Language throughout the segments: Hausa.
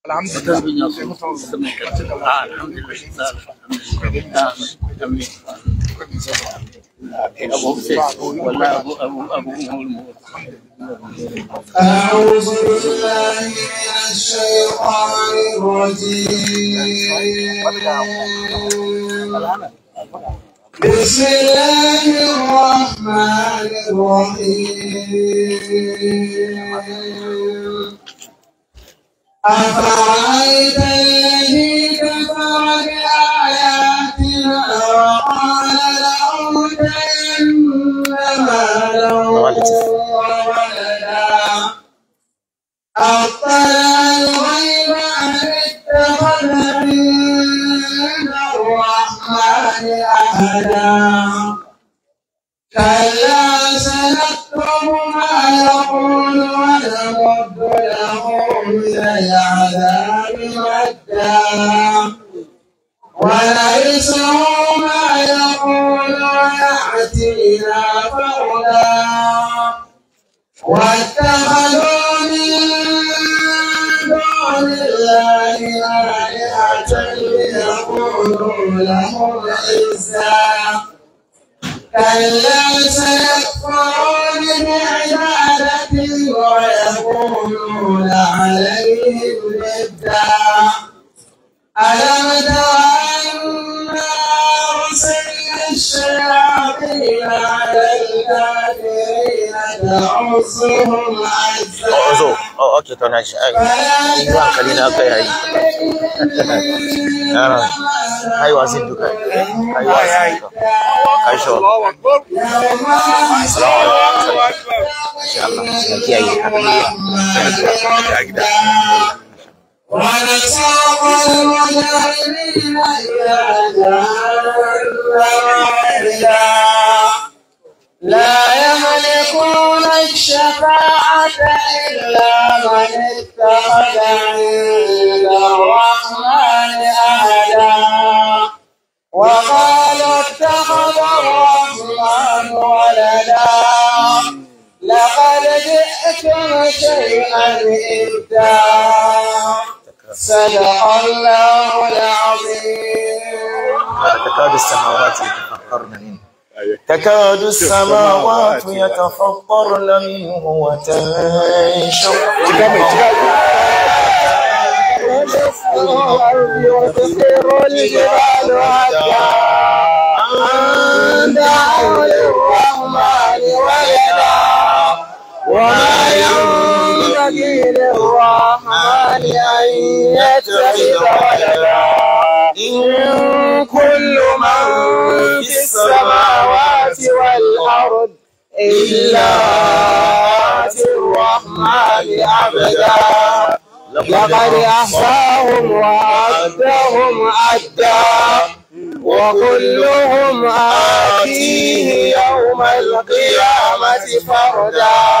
آه، الحمد لله أعوذ بالله من الشيطان الرجيم بسم الله الرحمن الرحيم أفرأيت الذي كفر بآياتنا وقال لأوتين مالا وولدا أطلع الغيب أم اتخذ عند الرحمن أهدا كلا نكتب ما يقول ونمد له من العذاب مدا ونرثه ما يقول ويأتينا فردا واتخذوا من دون الله آلهة ليقولوا لهم عزا كلا سيكفرون بعبادتي ويقولون عليهم ندا ألم تر أنا أرسل Ozo, oh, oh, okay, to na shi ai. In hankali na kai ai. Ah, ai wazin duka. Ai wazin duka. Kai sho. Insha Allah, sai kiyaye. Sai kiyaye. ونساق المجاهدين إلى جهنم وردا لا يملكون الشفاعة إلا من اتخذ عند الرحمن أهدا وقالوا اتخذ الرحمن ولدا لقد جئتم شيئا إبدا صدق الله العظيم تكاد السماوات يتفطرن منه تكاد السماوات يتفطرن منه وتنشق وتسير الجبال أن دعوا للرحمن ولدا وما ينظر ينبغي للرحمن أن يتخذ ولدا إن كل من في السماوات والأرض إلا آتي الرحمن عبدا لقد أحصاهم وعدهم أدا وكلهم آتيه يوم القيامة فردا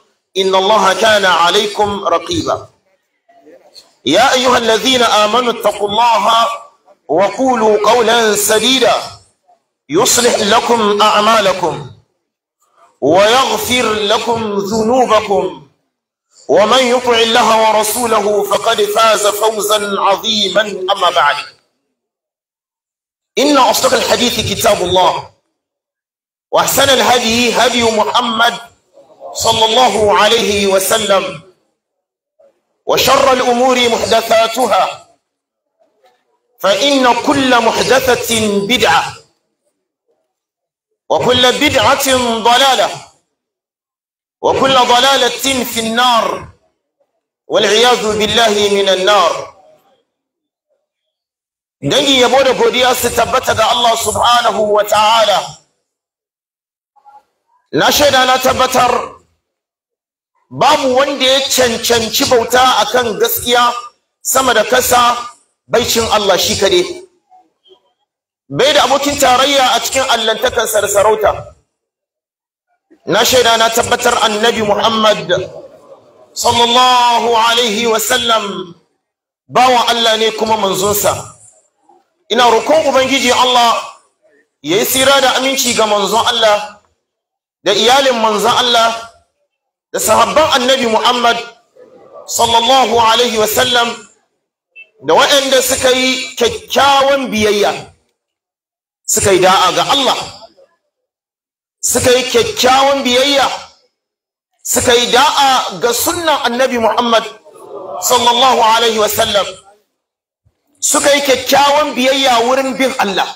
إن الله كان عليكم رقيبا يا أيها الذين آمنوا اتقوا الله وقولوا قولا سديدا يصلح لكم أعمالكم ويغفر لكم ذنوبكم ومن يطع الله ورسوله فقد فاز فوزا عظيما أما بعد إن أصدق الحديث كتاب الله وأحسن الهدي هدي محمد صلى الله عليه وسلم وشر الأمور محدثاتها فإن كل محدثة بدعة وكل بدعة ضلالة وكل ضلالة في النار والعياذ بالله من النار dangi yabo da godiya الله سبحانه وتعالى Allah subhanahu تبتر babu wanda ya cancanci bauta akan gaskiya sama da kasa baicin Allah shi kade bai da abokin tarayya a cikin allantakan sarsarauta na shaida na tabbatar annabi Muhammad sallallahu alaihi wasallam bawan Allah ne kuma manzunsa. ina roƙon ubangiji Allah yayi sira da aminci ga manzon Allah da iyalin manzon Allah da sahabban annabi Muhammad sallallahu alaihi wasallam da waɗanda suka yi kyakkyawan biyayya suka yi da'a ga Allah suka yi kyakkyawan biyayya suka yi da'a ga sunnan annabi Muhammad sallallahu alaihi wasallam suka yi kyakkyawan biyayya wurin bin Allah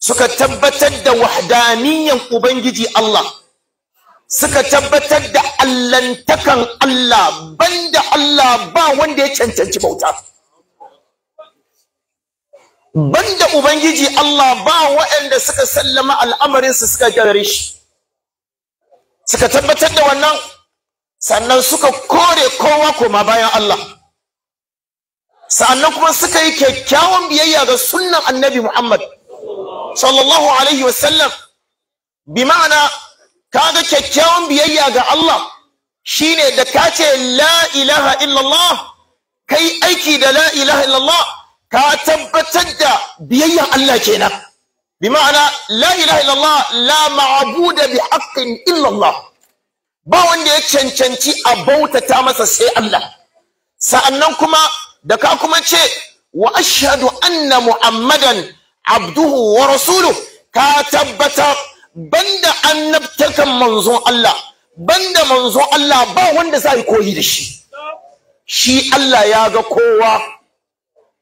suka tabbatar da wahdaniyan ubangiji Allah suka tabbatar da allantakan Allah banda Allah ba wanda ya cancanci bauta banda ubangiji Allah ba waɗanda suka sallama al'amarinsu suka gare shi suka tabbatar da wannan sannan suka kore kowa koma bayan Allah sannan kuma suka yi kyakkyawan biyayya ga sunnan annabi Muhammad sallallahu alaihi wasallam bi ma'ana kaga kyakkyawan biyayya ga Allah shine da ka ce la ilaha illallah kai aiki da la ilaha illallah ka tabbatar da biyayyan Allah kenan bi ma'ana la ilaha illallah la ma'buda bi haqqin illallah ba wanda ya cancanci a bautata masa sai Allah sa'annan kuma da ka kuma ce wa ashhadu anna muhammadan abduhu wa rasuluhu ka tabbatar banda annabtakan manzon Allah banda manzon Allah ba wanda zai koyi da shi shi Allah ya ga kowa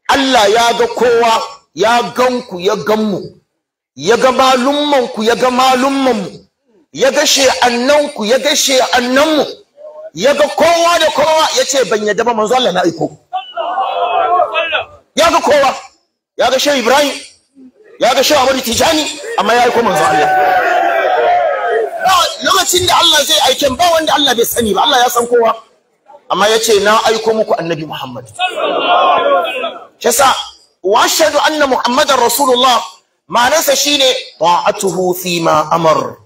Allah ya ga kowa ya ganku ya ganmu ya ga malumman ku ya ga malumman mu, ya ga ku ya ga mu, ya ga kowa da kowa ya ce ban yadda ba manzon Allah na aiko ya ga kowa ya ga shehu Ibrahim ya ga shi Ahmadu Tijani amma ya aiko manzo Allah lokacin da Allah zai aike ba wanda Allah bai sani ba Allah ya san kowa amma ya ce na aiko muku annabi Muhammad yasa wa ashhadu anna Muhammadar Rasulullah ma'anarsa shine ta'atuhu fi ma amar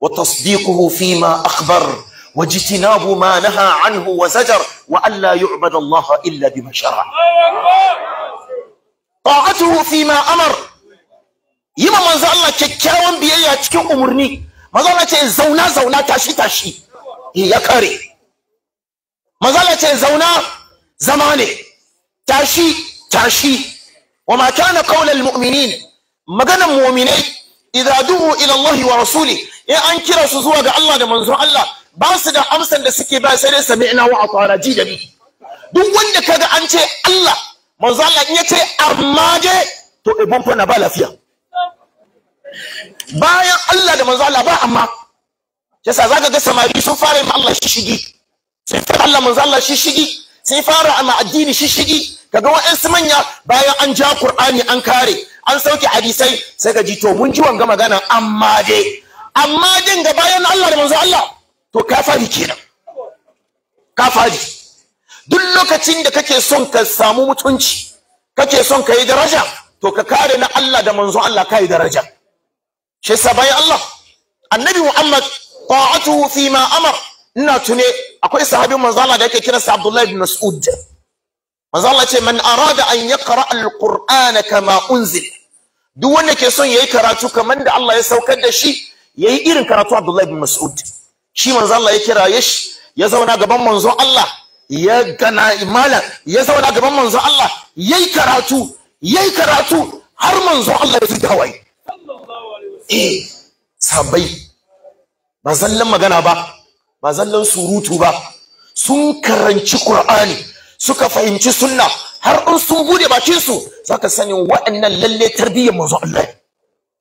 wa tasdiquhu fi ma akhbar wa jitinabu ma naha anhu wa zajar wa alla yu'badu Allah illa bima shar'a ta'atuhu fi ma amar yi ma manzo Allah kyakkyawan biyayya cikin umurni manzo Allah ce zauna zauna tashi tashi eh, ya kare manzo Allah ce zauna zama tashi tashi wa ma kana qaulal mu'minin maganan mu'minai idza du'u ila Allah wa rasuli in an kira su zuwa ga Allah da manzo Allah ba su da amsan da suke ba sai dai sami'na wa atara ji da bi duk wanda kaga an ce Allah manzo Allah in ya ce amma je to ibon fa na ba lafiya bayan Allah da manzo Allah ba amma yasa zaka ga samari sun fara ma Allah shishigi sun fara Allah manzo Allah shishigi sun fara ma addini shishigi kaga wa'ansu manya bayan an ja Qur'ani an kare an sauke hadisai sai ka ji to mun ji wanga magana amma dai amma din ga bayan Allah da manzo Allah to ka fadi kenan ka fadi duk lokacin da kake son ka samu mutunci kake son ka yi daraja to ka kare na Allah da manzo Allah ka yi daraja shi yasa bayan Allah annabi Muhammad ta'atuhu fi ma amar ina tune akwai sahabin manzo Allah da yake kiransa Abdullahi ibn Mas'ud manzo Allah ce man arada an yaqra al-Qur'ana kama unzil duk wanda ke son yayi karatu kamar da Allah ya saukar da shi yayi irin karatu Abdullahi ibn Mas'ud shi manzo Allah ya kira ya zauna gaban manzo Allah ya gana imala ya zauna gaban manzo Allah yayi karatu yayi karatu har manzo Allah ya fita waye eh sabai ba zallan magana ba ba zallan surutu ba sun karanci qur'ani suka fahimci sunna har in sun bude bakin su zaka sani waɗannan lalle tarbiyyar manzo Allah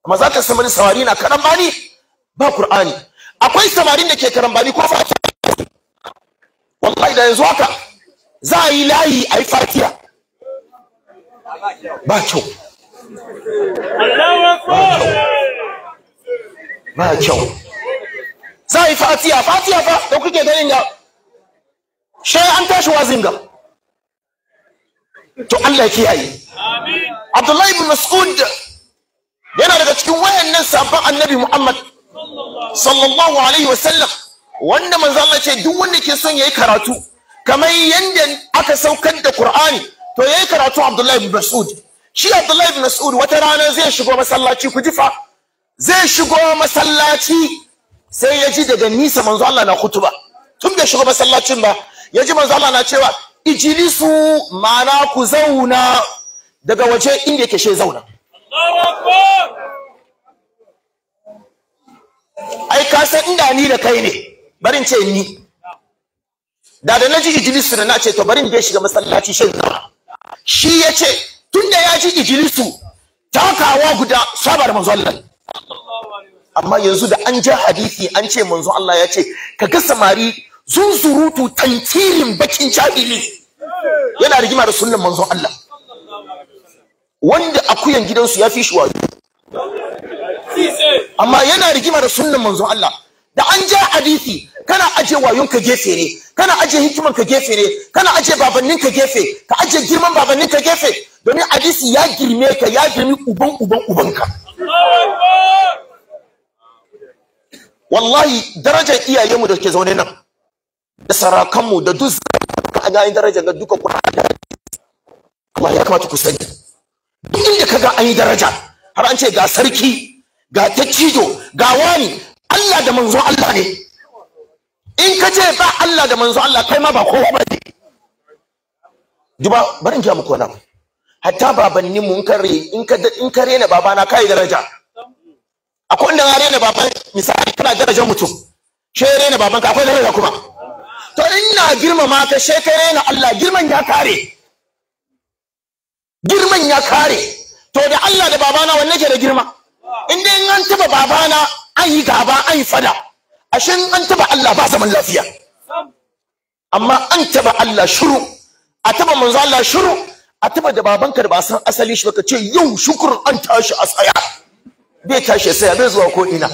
amma zaka san samari na karambani ba qur'ani akwai samarin da ke karambani ko fa wallahi da yanzu haka za a yi layi a yi fatiya ba kyau ba kyau za a yi fatiya fatiya fa da kuke ganin ga shi an tashi wazin ga to Allah ya kiyaye Abdullahi ibn Mas'ud yana daga cikin wayannan sabon Annabi Muhammad sallallahu alaihi wasallam wanda manzo Allah ce duk wanda ke son yayi karatu kamar yanda aka saukar da Qur'ani to yayi karatu Abdullahi ibn Mas'ud shi Abdullahi ibn Mas'ud wata rana zai shigo masallaci ku jifa zai shigo masallaci sai ya ji daga nisa manzo Allah na kutuba tun bai shigo masallacin ba ya ji manzo Allah na cewa ijilisu ma'ana ku zauna daga waje inda yake she zauna ai ka san inda ni da kai ne barin ce ni da da na ji ijilisu da na ce to barin bai shiga masallaci shan zauna shi ya ce ya ji ijilisu takawa guda sabar manzo Allah amma yanzu da an ja hadisi an ce manzo Allah ya ce ga samari zunzurutu tantirin bakin jahili yana rigima da sunnan manzo Allah wanda akuyan gidansu ya fi shi wayo amma yana rigima da sunnan manzo Allah da an ja hadisi kana aje wayon ka gefe ne kana aje hikiman ka gefe ne kana aje babannin ka gefe ka aje girman babannin ka gefe domin hadisi ya girme ka ya girme uban uban ubanka wallahi darajar iyayenmu da ke zaune nan da sarakanmu da duk a ga darajar ga duka Qur'ani Allah ya kamata ku sani duk inda ka an yi daraja har an ce ga sarki ga taccido ga wani Allah da manzon Allah ne in ka ce ba Allah da manzon Allah kai ma ba kowa ba ne duba bari in ga muku wani hatta babannin mu in ka in ka in ka rena babana kai daraja akwai wanda ya rena baban misali kana darajar mutum she rena baban ka akwai daraja kuma to ina girmama ka she ka rena Allah girman ya kare girman ya kare to da Allah da babana wanne ke da girma in dai an taba babana an yi gaba an yi fada ashe an taba Allah ba zaman lafiya amma an taba Allah shiru a taba manzo Allah shiru a taba da babanka da ba san asali shi baka ce yau shukur an tashi a tsaya bai tashi saya bai zuwa ko ina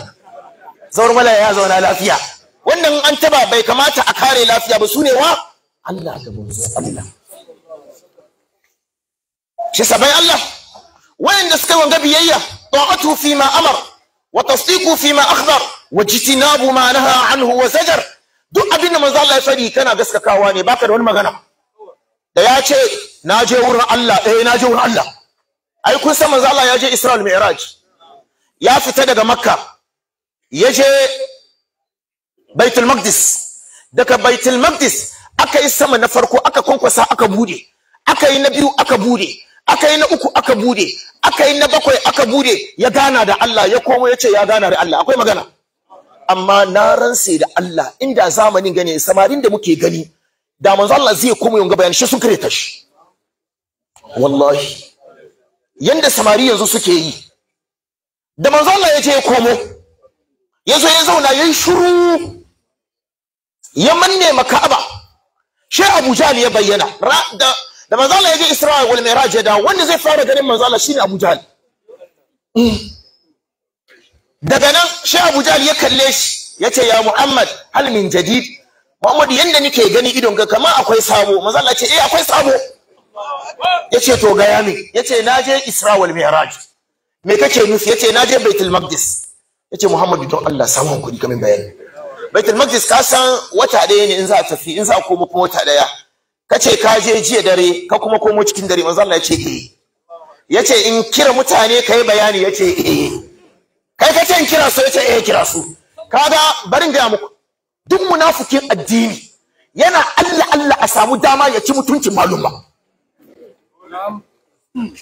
zaur mala ya zauna lafiya wannan an taba bai kamata a kare lafiya ba sune wa Allah da manzo Allah shi sabai Allah suka wanga biyayya ta'atu fi ma amar wa tasdiqu fi ma akhbar wa jitinabu ma naha anhu wa zajar duk abin da manzo Allah ya fadi kana gaskakawa ne baka da wani magana da ya ce na je wurin Allah eh na je wurin Allah ai kun san manzo Allah ya je Isra'il Mi'raj ya fita daga Makka ya je Baitul Maqdis daga Baitul Maqdis aka yi sama na farko aka kwankwasa aka bude aka yi na biyu aka bude aka yi na uku aka bude aka yi na bakwai aka bude ya gana da Allah ya komo ya ce ya gana da Allah akwai magana amma na ransa da Allah inda zamanin gane samarin da muke gani da manzo Allah zai koma yunga bayani shi sun kareta shi wallahi yanda samari yanzu suke yi da manzo Allah ya ce ya komo ya zo ya zauna ya yi shuru ya manne maka'aba shi Abu Jahl ya bayyana da da manzo Allah ya je Isra'il wal Mi'raj da wanda zai fara ganin manzo Allah shine Abu Jahl mm. daga nan shi Abu Jahl ya kalle shi yace ya Muhammad hal min jadid Muhammad yanda nike gani idon ka kamar akwai sabo manzo Allah ce eh akwai sabo yace to ga yami yace naje Isra wal Mi'raj me kake nufi yace naje Baitul Maqdis yace Muhammadu don Allah samu kuɗi kamin bayani Baitul Maqdis ka san wata daya ne in za a tafi in za a komo kuma wata daya kace ka je jiya dare ka kuma komo cikin dare manzo Allah yace eh yace in kira mutane kai bayani yace eh kai kace in kira su yace eh kira su kaga barin ga muku duk munafikin addini yana Allah Allah a samu dama ya ci mutuncin malumma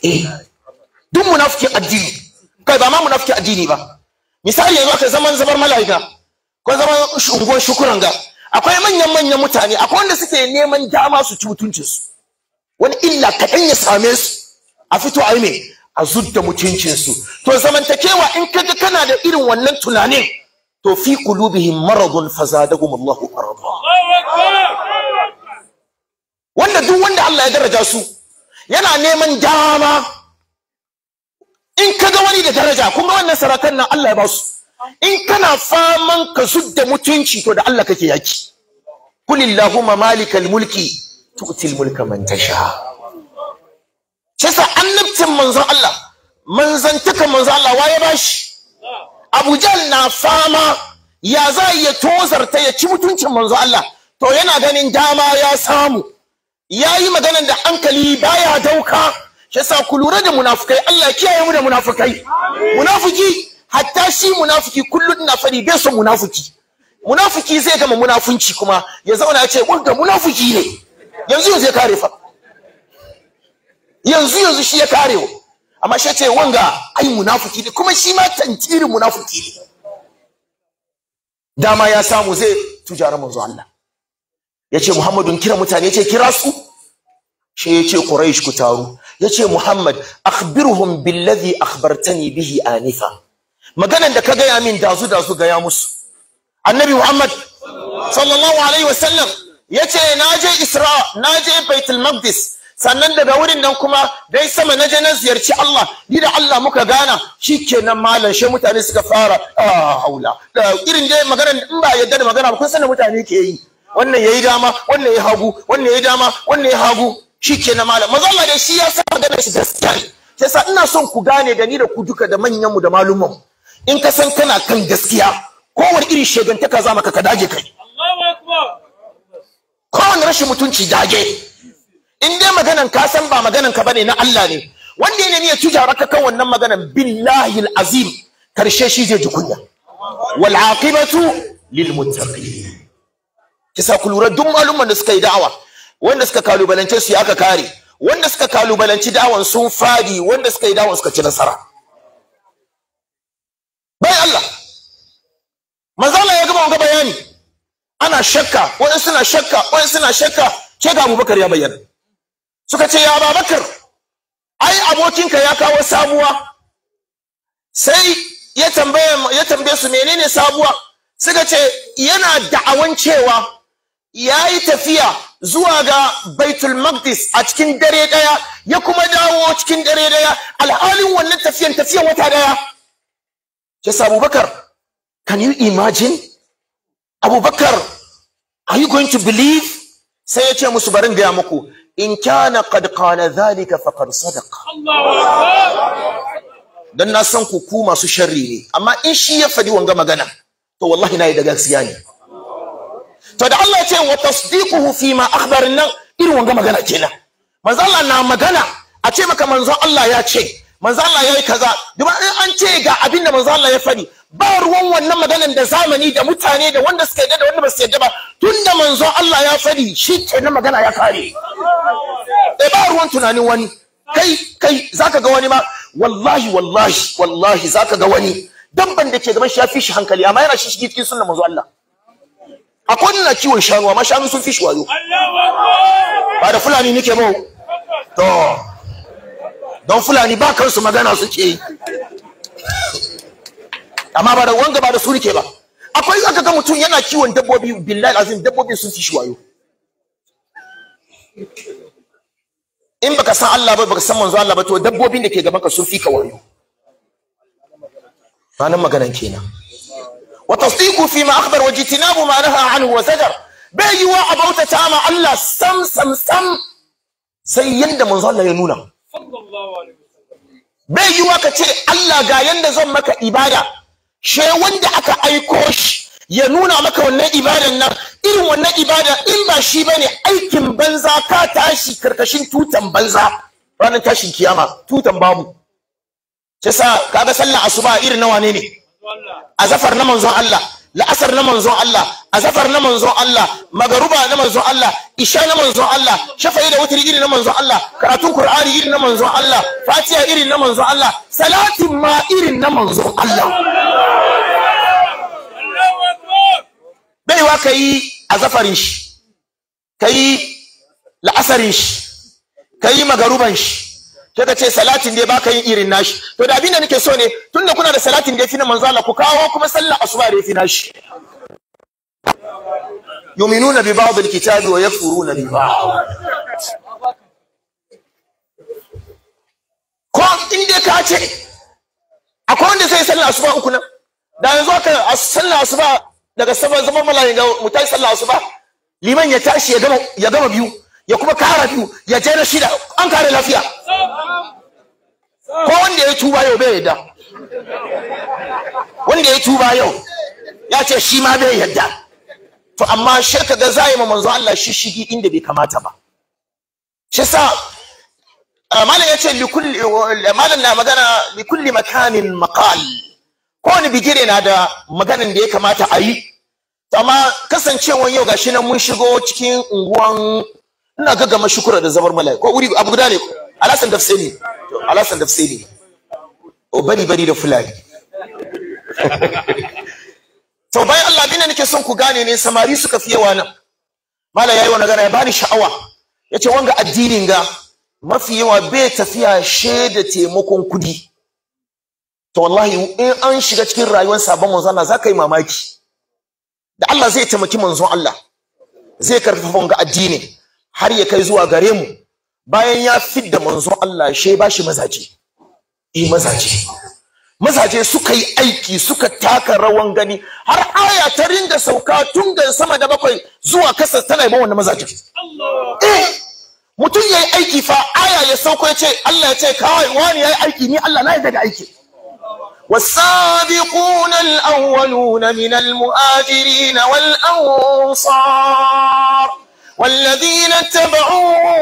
eh, duk munafikin addini kai ba ma munafikin addini ba misali yanzu aka zaman zabar mala'ika ko zaman unguwar shukuran ga akwai manyan manyan mutane akwai wanda suke neman dama su ci mutuncinsu wani illa kaɗan ya same su a fito a yi a zudda mutuncinsu to zamantakewa in kaga kana da irin wannan tunanin to fi qulubihim maradun fazadahum Allahu marada wanda duk wanda Allah ya daraja su yana neman dama in ka ga wani da daraja kuma ga wannan sarakan nan Allah ya ba su in kana faman ka zudda mutunci to da Allah kake yaki kulillahumma malikal mulki tu'til mulka man tasha sai annabtin manzon Allah manzantaka manzon Allah waye bashi Abu na fama ya za ya tozarta ya ci mutuncin manzo Allah to yana ganin dama ya samu yayi maganar da hankali baya dauka shi sa ku lura da munafukai Allah ya kiyaye mu da munafukai munafiki hatta shi munafiki kullun na fadi bai son munafiki munafiki zai gama munafunci kuma ya zauna ya ce wanda munafiki ne yanzu yanzu ya kare fa yanzu yanzu shi ya karewa amma shi ce wanga ai munafiki ne kuma shi ma tantirin munafiki ne dama ya samu zai tujara manzo Allah yace Muhammadun kira mutane yace kira su shi ce Quraysh ku taru yace Muhammad akhbirhum billadhi akhbartani bihi anifa maganan da ka gaya min dazu dazu gaya musu annabi Muhammad sallallahu alaihi wasallam yace naje Isra naje Baitul Maqdis sannan daga wurin nan kuma dai sama na je na ziyarci Allah ni da Allah muka gana shikenan malam shi mutane suka fara ah haula irin dai magana in ba yadda da magana ba kun sanin mutane ke yi wannan yayi dama wannan yayi hagu wannan yayi dama wannan yayi hagu shikenan malam manzo Allah dai shi ya sa magana shi gaskiya ne sai ina son ku gane da ni da ku duka da manyan mu da malumman in ka san kana kan gaskiya kowane irin shegantaka za maka ka dage kai Allahu kowane rashin mutunci dage in dai maganan ka san ba maganan ka bane na Allah ne wanda yana niyyar cuta raka kan wannan maganan billahi azim karshe shi zai ji kunya wal aqibatu lil muttaqin kisa ku lura duk malumman da suka yi da'awa wanda suka kalubalance su aka kare wanda suka kalubalanci da'awan sun fadi wanda suka yi da'awan suka ci nasara bai Allah manzo ya gama ga bayani ana shakka wani suna shakka wani suna shakka ce ga Abubakar ya bayyana suka ce ya babakar ai abokinka ya kawo sabuwa sai ya tambaye ya tambaye su menene sabuwa suka ce yana da'awan cewa yayi tafiya zuwa ga baitul maqdis a cikin dare daya ya kuma dawo cikin dare daya alhalin wannan tafiyan tafiyan wata daya ya sa abubakar can you imagine abubakar are you going to believe sai ya ce musu barin gaya muku in kana qad qala dhalika faqad sadaqa dan na san ku ku masu sharri ne amma in shi ya fadi wanga magana to wallahi nayi da gaskiya ne to da Allah ya ce wa tasdiquhu fi ma akhbarin nan irin wanga magana kenan manzo Allah na magana a ce maka manzo Allah ya ce manzo Allah yayi kaza duba an ce ga abinda manzo Allah ya fadi ba ruwan wannan maganan da zamani da mutane da wanda suka yadda da wanda ba su yadda ba tunda manzo Allah ya fadi shi ke na magana ya kare eh ba ruwan tunanin wani kai kai zaka ga wani ma wallahi wallahi wallahi zaka ga wani dabban da ke gaban shi ya fi shi hankali amma yana shi shi cikin sunnar manzo Allah akwai na kiwon shanu amma shanu sun fi shi wayo ba da fulani nake mau to don fulani ba kansu magana suke yi amma ba da wanga ba da su nake ba akwai aka ga mutum yana kiwon dabbobi billahi azim dabbobin sun fi shi wayo in baka san Allah ba baka san manzo Allah ba to dabbobin da ke gaban ka sun fi ka wayo ranar maganan kenan wa tasdiqu fi ma akhbar wa jitinabu ma nahaa anhu wa zajar bai yiwa a bautata ma Allah sam sam sam sai yanda manzo Allah ya nuna bai yiwa ka ce Allah ga yanda zan maka ibada ce wanda aka aiko shi ya nuna maka wannan ibadan nan irin wannan ibada in ba shi bane aikin banza ka tashi karkashin tutan banza ranar tashin kiyama tutan babu sai sa kaga sallar asuba irin nawa ne ne azafar na manzon Allah la'asar na manzon Allah azafar na manzon Allah magaruba na manzon Allah isha na manzon Allah shafa'i da wutar iri na manzon Allah karatun qur'ani iri na manzon Allah fatiha iri na manzon Allah salatin ma iri na manzon Allah baiwa kai azafarin shi kai la'asarin shi kai magaruban shi sai ka ce salatin dai baka yin irin nashi to da abin da nake so ne tunda kuna da salatin da fi na manzon Allah ku kawo kuma sallar asuba da fi nashi yu'minuna bi ba'd al-kitabi wa yakfuruna bi ba'd ko in dai ka ce akwai wanda zai sallah asuba uku nan da yanzu aka sallah asuba daga saman zaman malayin ga mutai sallah asuba liman ya tashi ya gama ya gama biyu ya kuma kara biyu ya je na shida an kare lafiya ko wanda ya tuba yau bai yadda wanda ya tuba yau ya ce shi ma bai yadda to amma sai kaga zai ma manzo Allah shishigi inda bai kamata ba shi sa malam yace bi kulli malam na magana bi kulli makanin maqal kowane bigire na da maganan da ya kamata a yi amma kasancewan yau gashi nan mun shigo cikin unguwan ina ga gama shukura da zabar malai ko wuri abu guda ne ko alasan dafsini alasan dafsini o bari bari da fulani to bayan Allah abin nake son ku gane ne samari suka fi yawa nan mala yayi wani gana ya bani sha'awa yace wanga addinin ga mafi yawa bai tafiya shaida taimakon kudi to wallahi in an shiga cikin rayuwar sabon manzo Allah zaka yi mamaki da Allah zai taimaki manzon Allah zai karfafa wanga addini har ya kai zuwa gare mu bayan ya fidda manzon Allah she bashi mazaje eh mazaje mazaje suka yi aiki suka taka rawan gani har aya ta ringa sauka tun da sama da bakwai zuwa kasa tana yaba wannan mazaje Allah eh mutun yayi aiki fa aya ya sauko ya ce Allah ya ce kai wani yayi aiki ni Allah na yi daga aiki والسابقون الأولون من المؤاجرين والأنصار والذين اتبعوا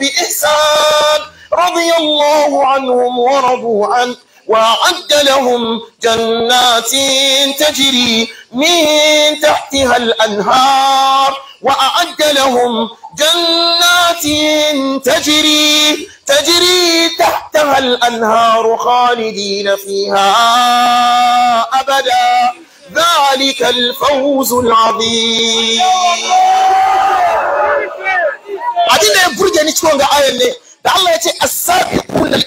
بإحسان رضي الله عنهم ورضوا عنه وأعد لهم جنات تجري من تحتها الأنهار وأعد لهم جنات تجري تجري تحتها الأنهار خالدين فيها أبدا ذلك الفوز العظيم abin da ya burge ni cikin ga ayan ne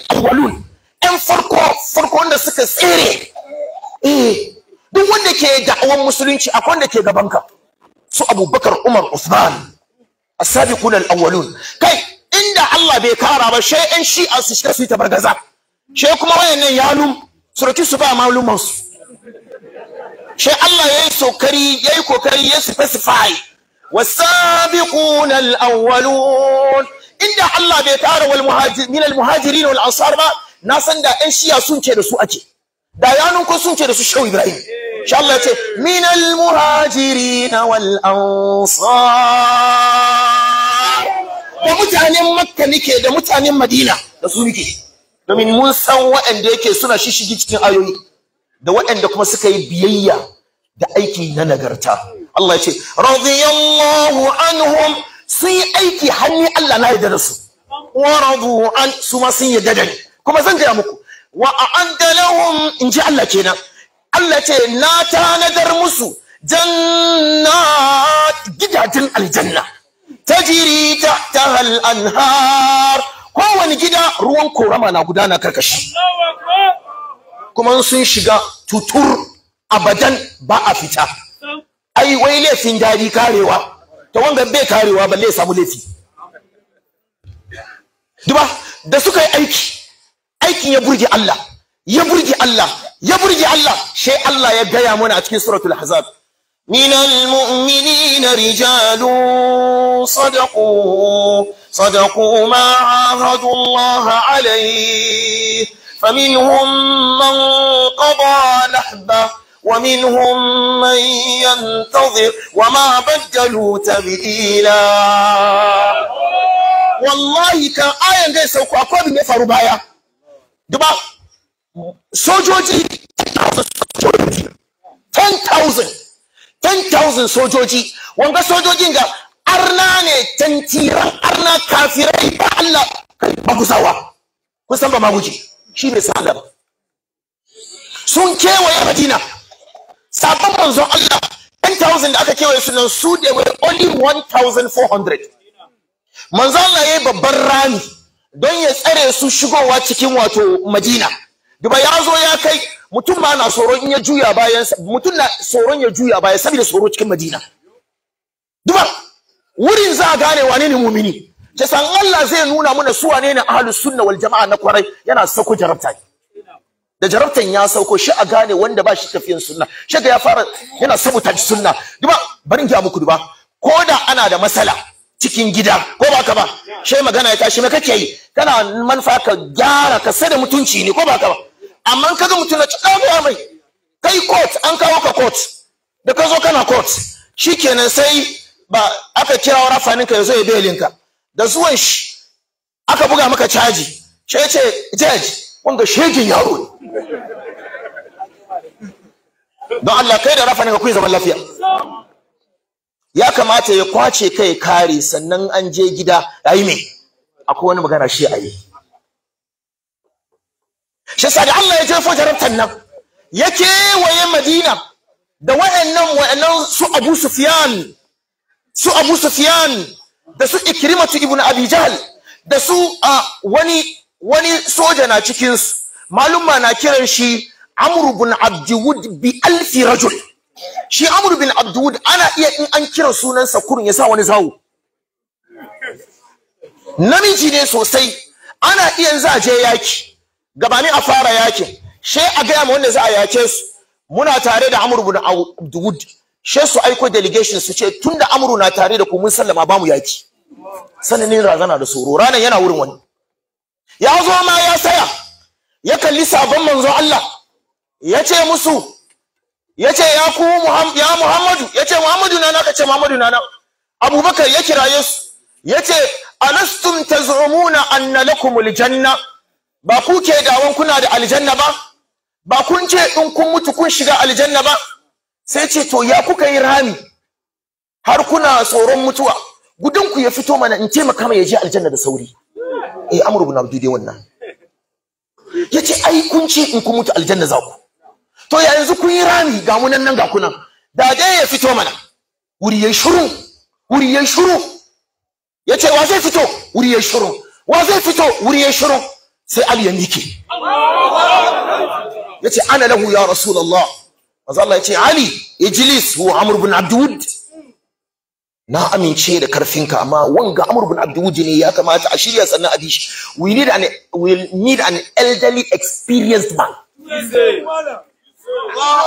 'yan farko farko wanda suka tsere eh duk wanda ke da'awar musulunci akwai wanda ke gabanka. su abubakar umar usman as-sabiqun al kai inda Allah bai kara ba shi ɗan shi'a su shiga su ta bargaza shi kuma wayannan yalum su roki su ba maluman shi Allah yayi sokari yi kokari ya specify was-sabiqun al inda Allah bai kara wal muhajirin al-muhajirin wal ansar ba na san da ɗan shiya sun ce da su ake da yanun ko sun ce da su shau ibrahim insha Allah ce min al muhajirin wal ansar da mutanen makka nike da mutanen madina da su nike domin mun san waɗanda yake suna shishigi cikin ayoyi da waɗanda kuma suka yi biyayya da aiki na nagarta Allah ya ce radiyallahu anhum sun yi aiki hannu Allah na yarda da su wa radu an su ma sun yarda da kuma zan gaya muku wa a'adda in ji Allah kenan Allah ce na tanadar musu jannat gidajen aljanna tajiri ta al-anhar kowane gida ruwan korama na gudana karkashi kuma sun shiga tutur abadan ba a fita ai wai laifin dari karewa ta wanga bai karewa balle ya samu laifi duba da suka yi aiki in ya burge Allah ya burge Allah ya burge Allah sai Allah ya gaya mana a cikin suratul من المؤمنين رجال صدقوا صدقوا ما عاهدوا الله عليه فمنهم من قضى نحبه ومنهم من ينتظر وما بدلوا تبديلا والله كان آية جاي سوكو أكو بني فربايا duba sojoji 10,000 sojoji wanga sojojin ga arna ne tantiran arna kafirai ba Allah maguzawa kun san ba maguji shi bai san Allah ba sun kewaye Madina sabon manzon Allah 10,000 da aka kewaye su nan su da only 1,400 manzon Allah yayi babban rami don ya tsare su shigowa cikin wato Madina duba ya zo ya kai mutum ma na tsoron in ya juya bayan mutum na tsoron ya juya bayan saboda tsoro cikin Madina duba wurin za a gane wane ne mumini ta Allah zai nuna mana su wane ne ahlus sunna wal jama'a na kwarai yana sako jarabta da jarabtan ya sauko shi a gane wanda ba shi tafiyan sunna shi ya fara yana sabuta sunna duba barin ya muku duba ko da ana da masala cikin gida ko ba ka ba she magana ya tashi me kake yi kana manfa ka gyara ka sada mutunci ne ko ba ka ba amma ka ga mutum na tsaba mai kai court an kawo ka court da ka zo kana court shikenan sai ba aka kira rafanin ka yazo ya bailin ka da zuwan shi aka buga maka caji she ce judge wanga shegin yaro ne don Allah kai da rafanin ka ku zaman lafiya ya kamata ya kwace kai kare sannan an je gida ayi me akwai wani magana shi ayi shi yasa da Allah ya jefo jarabtan nan ya kewaye Madina da wayannan wa'annan su Abu Sufyan su Abu Sufyan da su Ikrimatu ibn Abi Jahl da su wani wani soja na cikin su ma na kiran shi Amr ibn Abdiwud bi alfi rajul shi amru bin abdud ana iya in an kira sunansa kurun yasa wani zawo namiji ne sosai ana iya za a je yaki gabani a fara yakin she a gaya ma wanda za a yake su muna tare da amru bin abdud she su aiko delegation su ce tunda amru na tare da ku mun sallama ba mu yaki sananin razana da tsoro ranan yana wurin wani ya zo ma ya saya ya kalli sabon manzo Allah ya ce musu yace ya ku ya Muhammadu yace Muhammadu na naka ce Muhammadu na Abubakar ya kiraye su yace alastum taz'umuna anna lakum janna ba ku ke dawon kuna da aljanna ba ba kun ce in kun mutu kun shiga aljanna ba sai ce to ya kuka yi rami har kuna tsoron mutuwa gudun ku ya fito mana in taimaka mai ya je aljanna da sauri eh amru ibn abdudi wannan yace ai kun ce in kun mutu aljanna za ku to yanzu kun yi rami ga mu nan ga kunan da je ya fito mana wuri ya shuru wuri ya shuru yace wa zai fito wuri ya shuru wa zai fito wuri ya shuru sai Ali ya Yace yace ana lahu ya rasulullah manzo Allah yace Ali ijlis hu Amr ibn Abdud na amince da karfinka amma wanga Amr ibn Abdud ne ya kamata a shirya sannan a dishi we need an we need an elderly experienced man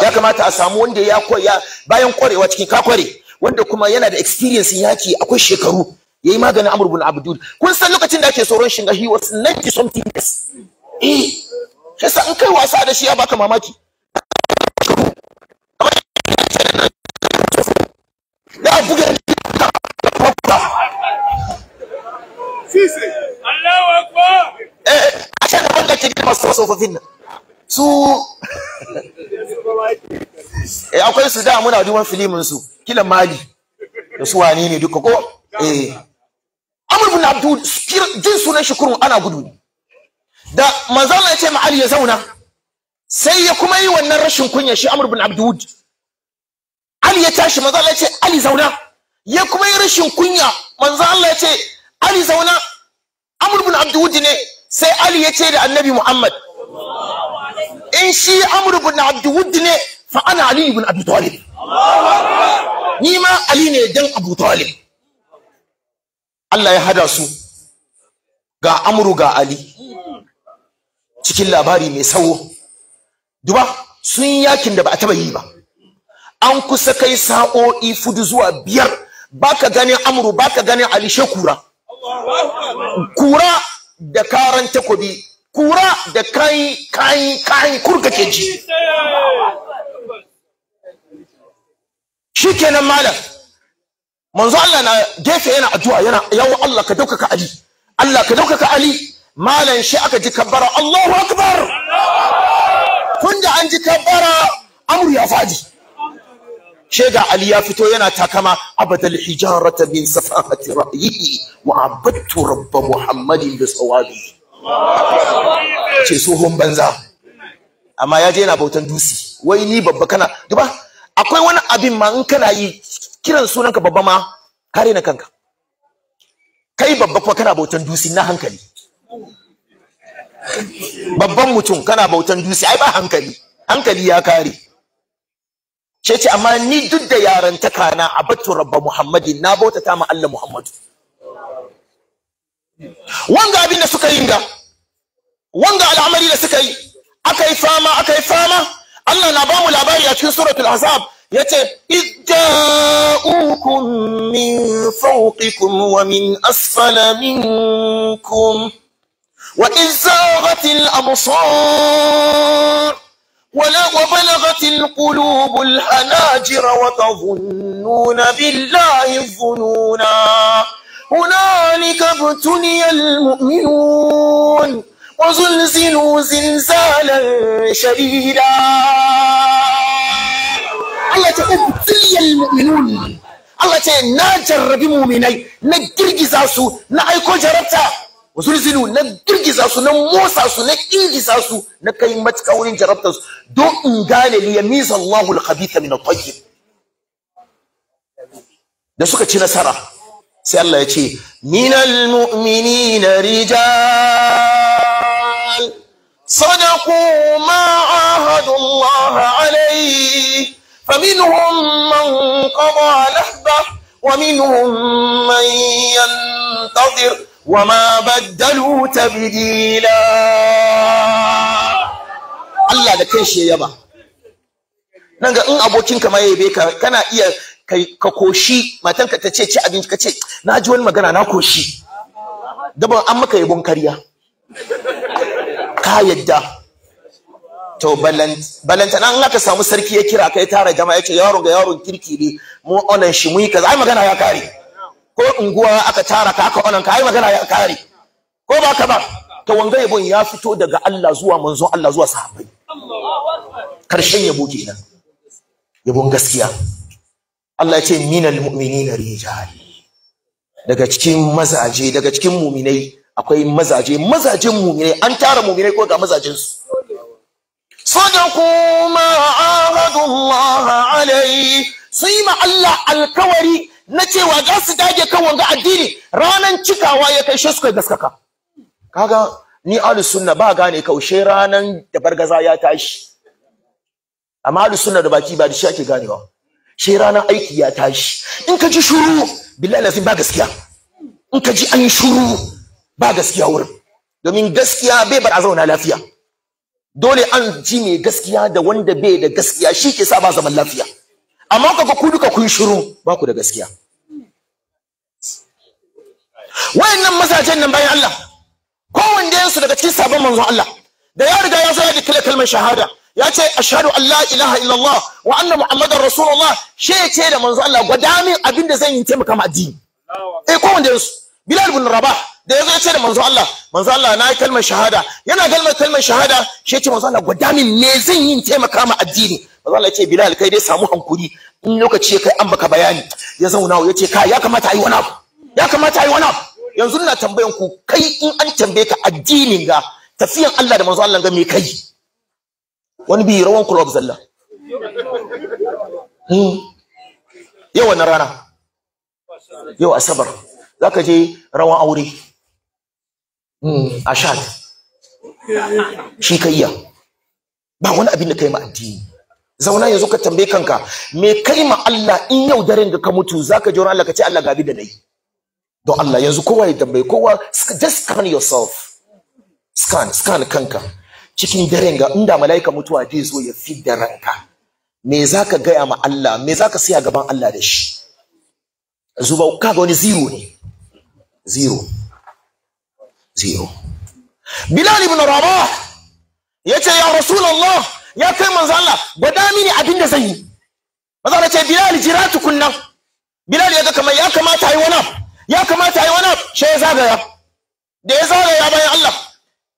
ya kamata a samu wanda ya koya bayan kwarewa cikin ka kware wanda kuma yana da experience yaki akwai shekaru yayi maganin Amr ibn Abdul kun san lokacin da ake tsoron shiga he was 90 something years eh sai in kai wasa da shi ya baka mamaki ya buga sisi Allahu akbar eh ashe da wanda ke da masu tsofaffin nan su eh akwai su da muna duban filimin su kila mali da su wani ne duka ko eh Amr ibn Abdul jin sunan shi kurun ana gudu da manzo Allah ya ce ma Ali ya zauna sai ya kuma yi wannan rashin kunya shi Amr ibn Abdul Ali ya tashi manzo Allah ya ce Ali zauna ya kuma yi rashin kunya manzo Allah ya ce Ali zauna Amr ibn Abdul ne sai Ali ya ce da Annabi Muhammad in shi amru bin abduwud ne fa ana ali bin abi talib ni ma ali ne dan abu talib Allah ya hada su ga amru ga ali cikin labari mai sawo duba sun yakin da ba a taba yi ba an kusa kai sa'o'i fudu zuwa biyar baka ganin amru baka ganin ali shekura kura da karan takobi kura da kai kai kai kurka ke ji shikenan malam manzo Allah na gefe yana addu'a yana yawo Allah ka daukaka Ali Allah ka daukaka Ali malam shi aka ji kabbara Allahu akbar kun da an ji kabbara amru ya faji shega Ali ya fito yana takama abadal hijarata min safahati ra'yihi wa abadtu rabb muhammadin bi sawabihi ce tsohon banza amma ya je yana bautan dusi wai ni babba kana duba akwai wani abin ma in kana yi kiran sunanka babba ma kare na kanka kai babba kuma kana bautan dusi na hankali babban mutum kana bautan dusi ai ba hankali hankali ya kare ce ce amma ni duk da yarantaka na abatu rabba muhammadin na bautata ma Allah muhammadu wanga abin da suka yi ga wanga al'amari da suka yi akai fama akai fama Allah na ba mu labari a cikin suratul ahzab yace idja'ukum min fawqikum wa min asfala minkum wa izaghatil absar ولا وبلغت القلوب الحناجر وتظنون بالله الظنونا هنالك ابتني المؤمنون وزلزلوا زلزالا شديدا الله تبتلي المؤمنون الله تي نجرب مؤمني نجرجز اسو نايكو جربتا وزلزلوا نجرجز اسو نموس اسو نجرجز اسو نكاي ماتكاولين جربتا دو ان قال ليميز الله الخبيث من الطيب da suka ci nasara sai Allah ya ce minal mu'minina rijal sadaku ma ahadullah alayhi فمنهم من قضى نحبه ومنهم wa ma baddalu بدلوا تبديلا Allah da kanshi ya yaba nan ga in abokinka ma yabe ka kana iya ka koshi matanka ta ce ci abinci ka ce na ji wani magana na koshi daban an maka yabon karya ka yadda to balanta nan aka samu sarki ya kira kai tara jama'a yace yaro ga yaron kirki ne mu onan shi mu yi kaza ai magana ya kare ko unguwa aka tara ka aka onan ka ai magana ya kare ko ba ka ba to wanga yabon ya fito daga Allah zuwa manzon Allah zuwa sahabbai karshen yabo kenan yabon gaskiya Allah ya ce minal mu'minina rijal daga cikin mazaje daga cikin mu'minai akwai mazaje mazajen mu'minai an tara mu'minai ko ga mazajen su صدقوا sun yi ma Allah alkawari na cewa za su dage kan wanga addini ranan cikawa ya kai shi suka gaskaka kaga ni ahlus sunna ba gane kaushe ranan da bargaza ya tashi amma ahlus sunna da baki ba shi ake ganewa shi ranar aiki ya tashi in ka ji shuru billahi lazim ba gaskiya in ka ji an yi shuru ba gaskiya wurin domin gaskiya bai bar a zauna lafiya dole an ji mai gaskiya da wanda bai da gaskiya shi ke sa ba zaman lafiya amma kaga ku duka kun shiru ba ku da gaskiya wayannan mazajen nan bayan Allah kowanne yansu daga cikin sabon manzon Allah da ya riga ya zo ya kalmar shahada ya ce a an Allah ilaha illallah wa anna muhammadar rasulullah she ce da manzo Allah gwada min abin da zan yi taimaka ma addini eh ko wanda yansu bilal bin rabah da yazo ya ce da manzo Allah manzo Allah na yi kalmar shahada yana kalmar kalmar shahada she ce manzo Allah gwada min me zan yi taimaka ma addini manzo Allah ya ce bilal kai dai samu hankuri in lokaci ya kai an baka bayani ya zauna ya ce kai ya kamata a yi wani abu ya kamata a yi wani abu yanzu ina tambayan ku kai in an tambaye ka addinin ga tafiyan Allah da manzo Allah ga me kai wani bi rawan club zalla hmm. yau wannan rana yau asabar za ka je rawan aure hmm. a shad shi ka iya ba wani abin da kai ma addini zauna yanzu ka tambaye kanka me kai ma Allah in yau daren da ka mutu zaka jira Allah ka ce Allah gabi da nai don Allah yanzu kowa ya tambaye kowa just scan yourself scan scan kanka cikin daren ga inda mala'ika mutuwa zai zo ya da ranka me zaka gaya ma Allah me zaka siya gaban Allah da shi zuba kaga wani zero ne zero zero Bilal ibn Rabah yace ya Rasulullah ya kai manzo Allah gwada mini abin da zan yi manzo Allah ce Bilal jiratu kunna Bilal ya ga kamar ya kamata yi wani ya kamata yi wani shi ya zagaya da ya zagaya bayan Allah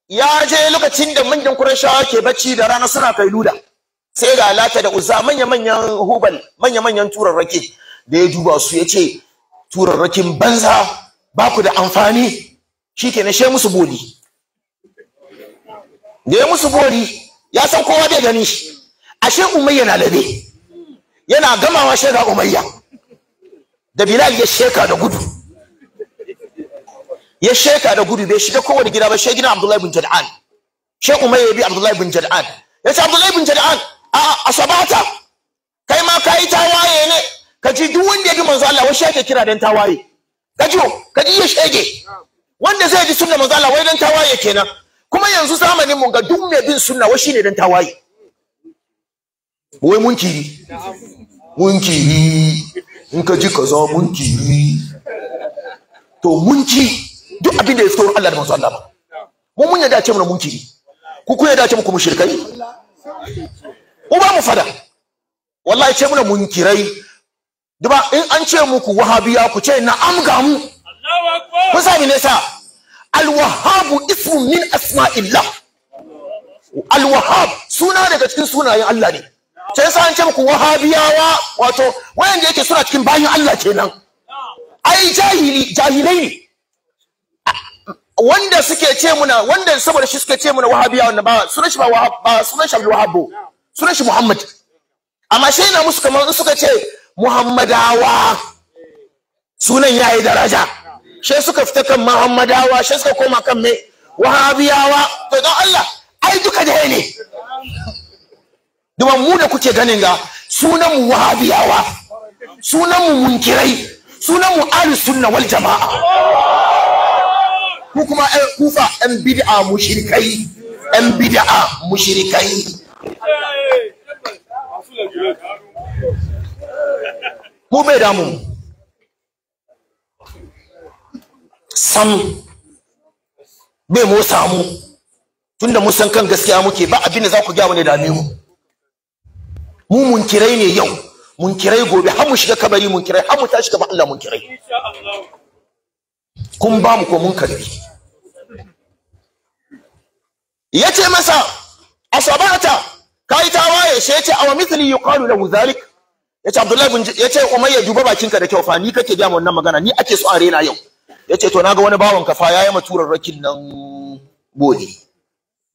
ya je lokacin da manyan Qurayshawa ke bacci da rana suna kai luda sai ga alaka da Uzza manya-manyan Hubal manya-manyan turarrake da ya duba su ya ce turarrakin banza ba ku da amfani shikenan she musu boli da ya musu boli ya san kowa da gani shi ashe Umayya na labe yana gamawa shega Umayya da Bilal ya sheka da gudu ya sheka da gudu bai shiga kowane gida ba shi gidan Abdullahi bin Jad'an shi Umar ya bi Abdullahi bin Jad'an ya ce Abdullahi bin Jad'an a asabata kai ma kai tawaye ne ka ji duk wanda ya ji manzo Allah wai sheka kira dan tawaye ka ji ka ji ya shege wanda zai ji sunna manzo Allah wai dan tawaye kenan kuma yanzu zamanin mu ga duk mai bin sunna wai shine dan tawaye wai mun kiri mun kiri in ka ji zo mun kiri to mun kiri duk abin da ya fito Allah da manzo Allah ba mu mun yadda ce mu munkiri ku kun yadda ce mu shirkai Ku ba mu fada wallahi ce mu munkirai ba in an ce muku wahabiya ku ce na'am ga mu ku sani ne sa al-wahhab ismun min asma'illah al-wahhab suna daga cikin sunayen Allah ne sai yasa an ce muku wahabiyawa wato wayanda yake suna cikin bayin Allah kenan ai jahili jahilai ne wanda suke ce muna wanda saboda shi suke ce muna wahabiya wannan ba sunan shi ba wahab ba sunan shi Abdul bo sunan shi Muhammad amma shi yana musu kamar suka ce Muhammadawa sunan yayi daraja she suka fita kan Muhammadawa she suka koma kan me Wahabiyawa to dan Allah ai duka da ne Duban mu da kuke ganin ga sunan mu Wahabiyawa sunan mu munkirai sunan mu Ahlus Sunna wal Jama'a ku kuma ɗan kufa ɗan bid'a mushirikai. ɗan bid'a mushirikai. mu bai damu sam bai mu samu tunda mu san kan gaskiya muke ba abin da za ku gaya ne dame mu mu munkirai ne yau munkirai gobe har mu shiga kabari munkirai har mu tashi gaba Allah munkirai kun ba mu ko mun karbi ya ce masa asabata ka yi tawaye shi ya ce awa misali yuqalu lahu zalik ya ce abdullahi bin ya ce ya duba bakinka da kyau fa ni kake biya wannan magana ni ake so a rena yau ya ce to ga wani bawan kafa ya yi maturar rakin nan bodi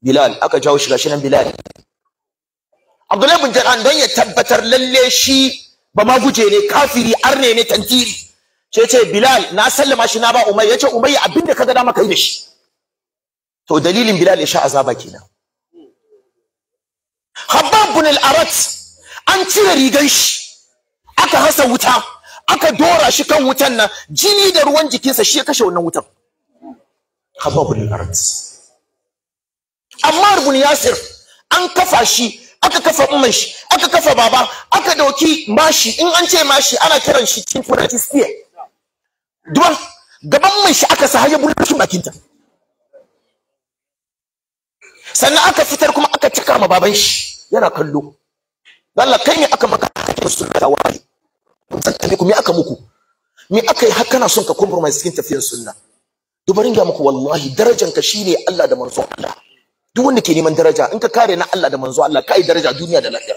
bilal aka jawo shi gashi nan bilal abdullahi bin jar'an don ya tabbatar lalle shi ba ma guje ne kafiri arne ne tantiri sai ce bilal na sallama shi na ba Umar ya ce umayya abinda ka ga dama kai da shi to dalilin bilal ya sha azaba kenan habab bin al-arat an cire rigan shi aka hasa wuta aka dora shi kan wutan nan jini da ruwan jikinsa shi ya kashe wannan wutan habab bin al-arat ammar bin yasir an kafa shi aka kafa umman shi aka kafa baba aka dauki mashi in an ce mashi ana kiran shi cikin turanci gaban man shi aka sa har ya burbushi bakinta sannan aka fitar kuma aka cika ma baban shi yana kallo Allah kai me aka maka aka su da ta wani zan ku me aka muku me aka yi haka na son ka compromise cikin tafiyar sunna dubarin ga muku wallahi darajan ka shine Allah da manzo Allah duk wanda ke neman daraja in ka kare na Allah da manzo Allah kai daraja duniya da lafiya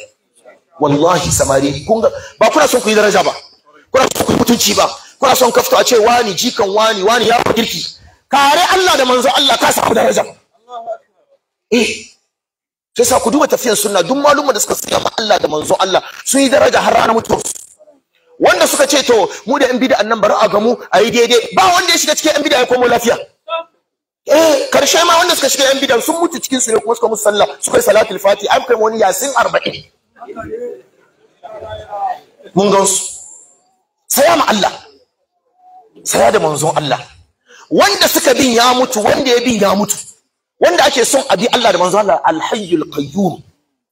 wallahi samari kun ba kuna son ku yi daraja ba kuna son ku yi mutunci ba kuna son kafto a ce wani jikan wani wani ya kirki kare Allah da manzo Allah ka samu daraja eh sai sa ku duba tafiyar sunna duk malumma da suka tsaya ma Allah da manzo Allah sun yi daraja har ranar mutuwar wanda suka ce to mu da yan bid'a nan bari a gamu a yi daidai ba wanda ya shiga cikin yan bid'a ya komo lafiya eh karshe ma wanda suka shiga yan bid'a sun mutu cikin su ne kuma suka musu sallah suka yi salatul fati an kai wani yasin 40 mun ga su saya ma Allah saya da manzon Allah wanda suka bin ya mutu wanda ya bin ya mutu wanda ake son abi Allah da manzo Allah alhayyul qayyum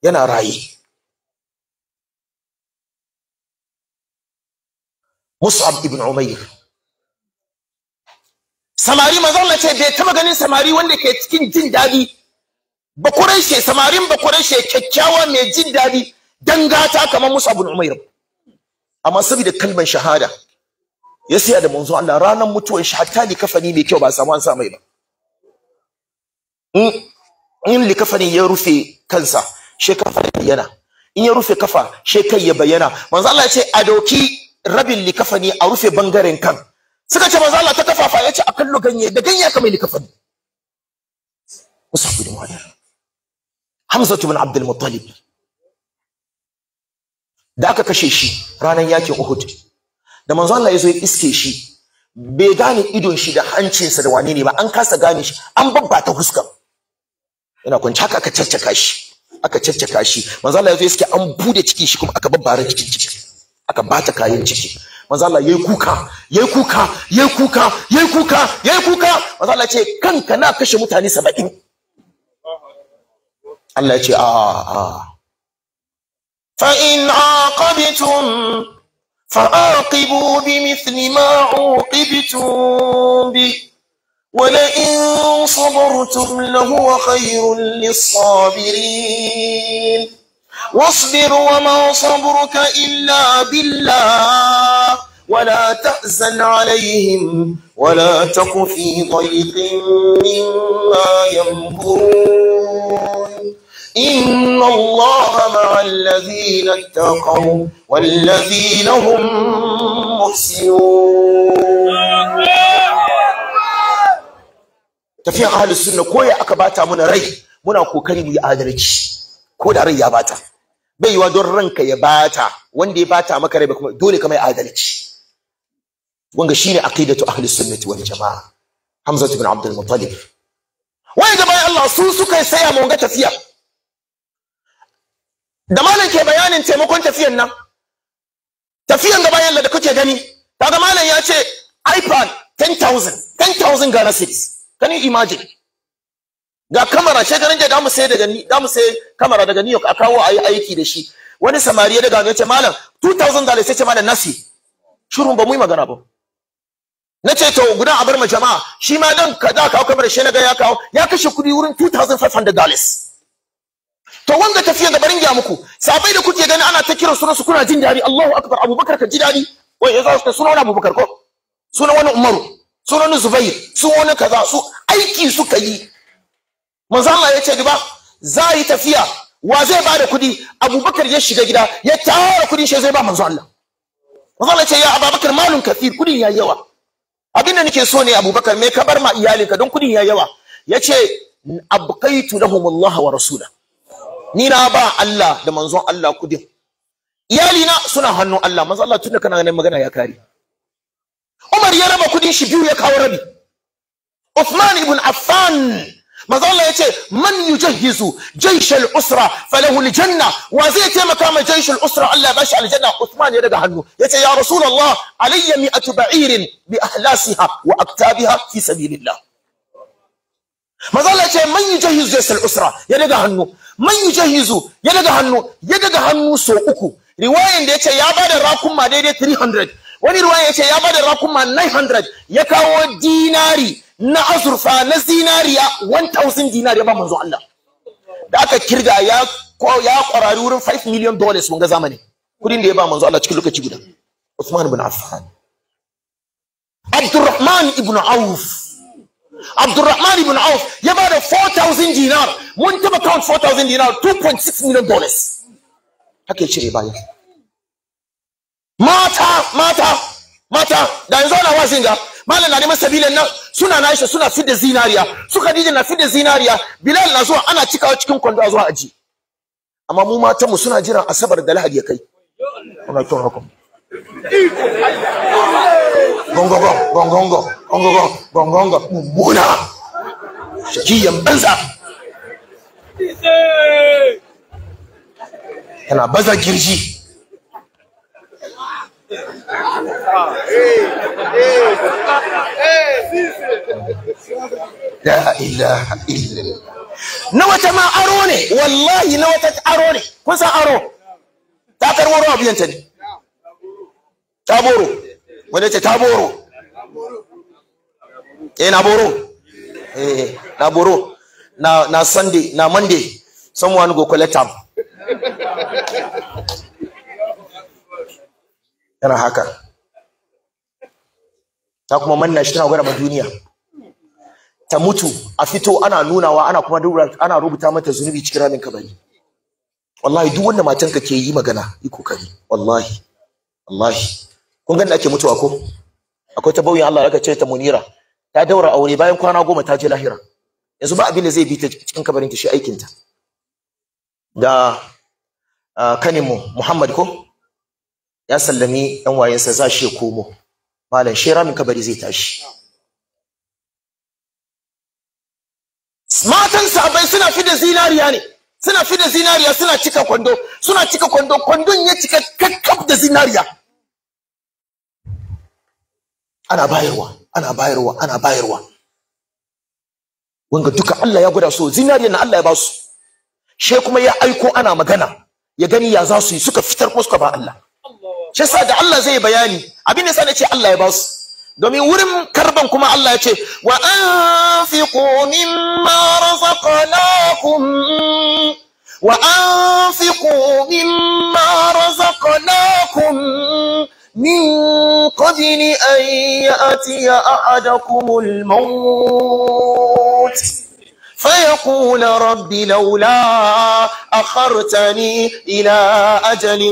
yana raye Mus'ab ibn Umair samari manzo Allah ce bai taba ganin samari wanda ke cikin jin dadi ba kuraishe samarin ba kuraishe kyakkyawa mai jin dadi dangata kamar Mus'ab ibn Umair amma saboda kalmar shahada ya siya da manzo Allah ranar mutuwar shi hatta ni kafani mai kyau ba samu an sa mai ba in likafani ya rufe kansa she kafa ya bayyana in ya rufe kafa she kai ya bayyana manzo Allah ya ce a doki rabin likafani a rufe bangaren kan suka ce manzo Allah ta kafafa ya ce a kallo ganye da ganye kamar likafani Hamza Abd al Muttalib da aka kashe shi ranar yakin Uhud da manzo Allah ya zo iske shi bai gane idon shi da hancinsa da wane ne ba an kasa gane shi an babbata huskar yana kwanci haka aka caccaka shi aka caccaka shi manzo Allah yazo yake an bude ciki shi kuma aka babbare cikin ciki aka bata kayan ciki manzo Allah yayi kuka yayi kuka yayi kuka yayi kuka yayi kuka manzo Allah ce kanka na kashe mutane 70 Allah ya ce a a fa in aqabtum bi mithli ma uqibtum bi ولئن صبرتم لهو خير للصابرين واصبر وما صبرك إلا بالله ولا تحزن عليهم ولا تك في ضيق مما يمكرون إن الله مع الذين اتقوا والذين هم محسنون tafiyan ahalus sunna ko ya aka bata muna rai muna kokari mu yi adalci ko da rai ya bata bai yiwa don ranka ya bata wanda ya bata maka rai kuma dole ka mai adalci wanga shine aqidatu ahlus sunnati wal jamaa hamza ibn abd al muttalib wai jama'a Allah su suka saya mu ga tafiya da malam ke bayanin taimakon tafiyan nan tafiyan da bayan da kuke gani kaga malam ya ce iPad 10000 10000 ga na 6 can you imagine ga kamera shekaran jiya damu sai daga ni mu sai kamera daga New York a kawo ayi aiki da shi wani samari ya daga ne ce malam 2000 dollars sai ce malam nasi shirun ba mu yi magana ba na ce to guda a bar ma jama'a shi ma dan ka za kawo kamera shi na ga ya kawo ya kashe kudi wurin 2500 dollars to wanda tafiya da barin ya muku sabai da kuke gani ana ta kiran sunan su kuna jin dadi Allahu akbar Abubakar ka ji dadi wai ya za su suna wani Abubakar ko sunan wani Umaru Sunan zubair su wani kaza su aiki suka yi manzo ya ce ba za yi tafiya wa zai ba da kuɗi abubakar ya shiga gida ya tara kuɗin shi zai ba manzo Allah manzo ya ce ya abubakar malun kafir kuɗin ya yawa abin da nake so ne abubakar me ka bar ma ka don kuɗin ya yawa ya ce abqaitu lahum Allah wa rasula ni na ba Allah da manzon Allah Iyali na suna hannun Allah manzo Allah tunda kana ganin magana ya kare Umar ya raba kudin shi biyu ya kawo rabi Uthman ibn Affan manzo Allah yace man yujahhizu jaysh al-usra falahu janna wa zai taimaka ma jaysh usra Allah ya bashi aljanna Uthman ya daga hannu yace ya rasulullah alayya mi'atu ba'irin bi ahlasiha wa aktabiha fi sabilillah manzo Allah ce man yujahhizu jaysh al-usra ya daga hannu man jahizu ya daga hannu ya daga hannu so uku riwayan da ya ce ya bada rakuma daidai 300 wani ruwa ya ce ya bada rakuma 900 ya kawo dinari na azurfa na zinariya 1000 dinari ya ba manzo Allah da aka kirga ya ya kwarari wurin 5 million dollars mun ga zamani kudin da ya ba manzo Allah cikin lokaci guda Uthman ibn Affan Abdurrahman ibn Auf Abdurrahman ibn Auf ya ba da 4000 dinar mun taba count 4000 dinar 2.6 million dollars haka ya cire bayan mata mata mata da yanzu ana wazin ga malam na neman sabilin nan suna na Aisha suna fidda zinariya su Khadija na fidda zinariya Bilal na zuwa ana cikawa cikin kwando a zuwa aji amma mu matan mu suna jiran asabar da lahadi ya kai Allah ya mummuna shakiyan banza yana baza girji La ilaha illallah. Na wata ma aro ne, wallahi na wata aro ne, kun san aro. Ta karwaro abiyanta ne. Ta boro. Wadda ce ta boro. Eh na boro. Eh na boro. Na na Sunday, na Monday, someone go collect am. tana haka ta kuma manna shi tana gwada ma duniya ta mutu a fito ana nunawa ana kuma ana rubuta mata zunubi cikin ramin kabari wallahi duk wanda matanka ke yi magana yi kokari wallahi wallahi kun ganda ake mutuwa ko akwai ta bauyin Allah aka ce ta munira ta daura aure bayan kwana goma ta je lahira yanzu ba abin da zai bi ta cikin kabarin ta shi aikin ta da ah, kanin mu Muhammad ko ya sallami ɗan wayensa za shi ya komo malam shi ramin kabari zai tashi matan sabai suna fi da zinariya ne suna fi da zinariya suna cika kwando suna cika kwando kwandon ya cika kakkaf da zinariya ana bayarwa ana bayarwa ana bayarwa wanga duka Allah ya gwada so zinariya na Allah ya ba su she kuma ya aiko ana magana ya gani ya za su yi suka fitar ko suka ba Allah shesa da Allah zai bayani abin yasa nace Allah ya ba su domin wurin karban kuma Allah ya ce wa anfiqu mimma razaqnakum wa anfiqu mimma razaqnakum من قبل أن يأتي أحدكم الموت فيقول رب لولا أخرتني إلى أجل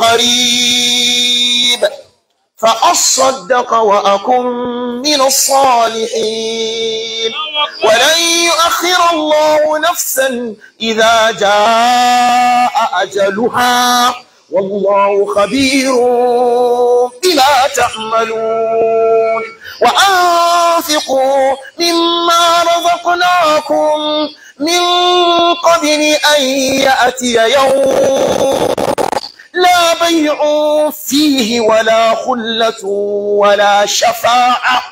قريب فأصدق وأكن من الصالحين ولن يؤخر الله نفسا إذا جاء أجلها والله خبير بما تعملون وأنفقوا مما رزقناكم من قبل أن يأتي يوم لا بيع فيه ولا خلة ولا شفاعة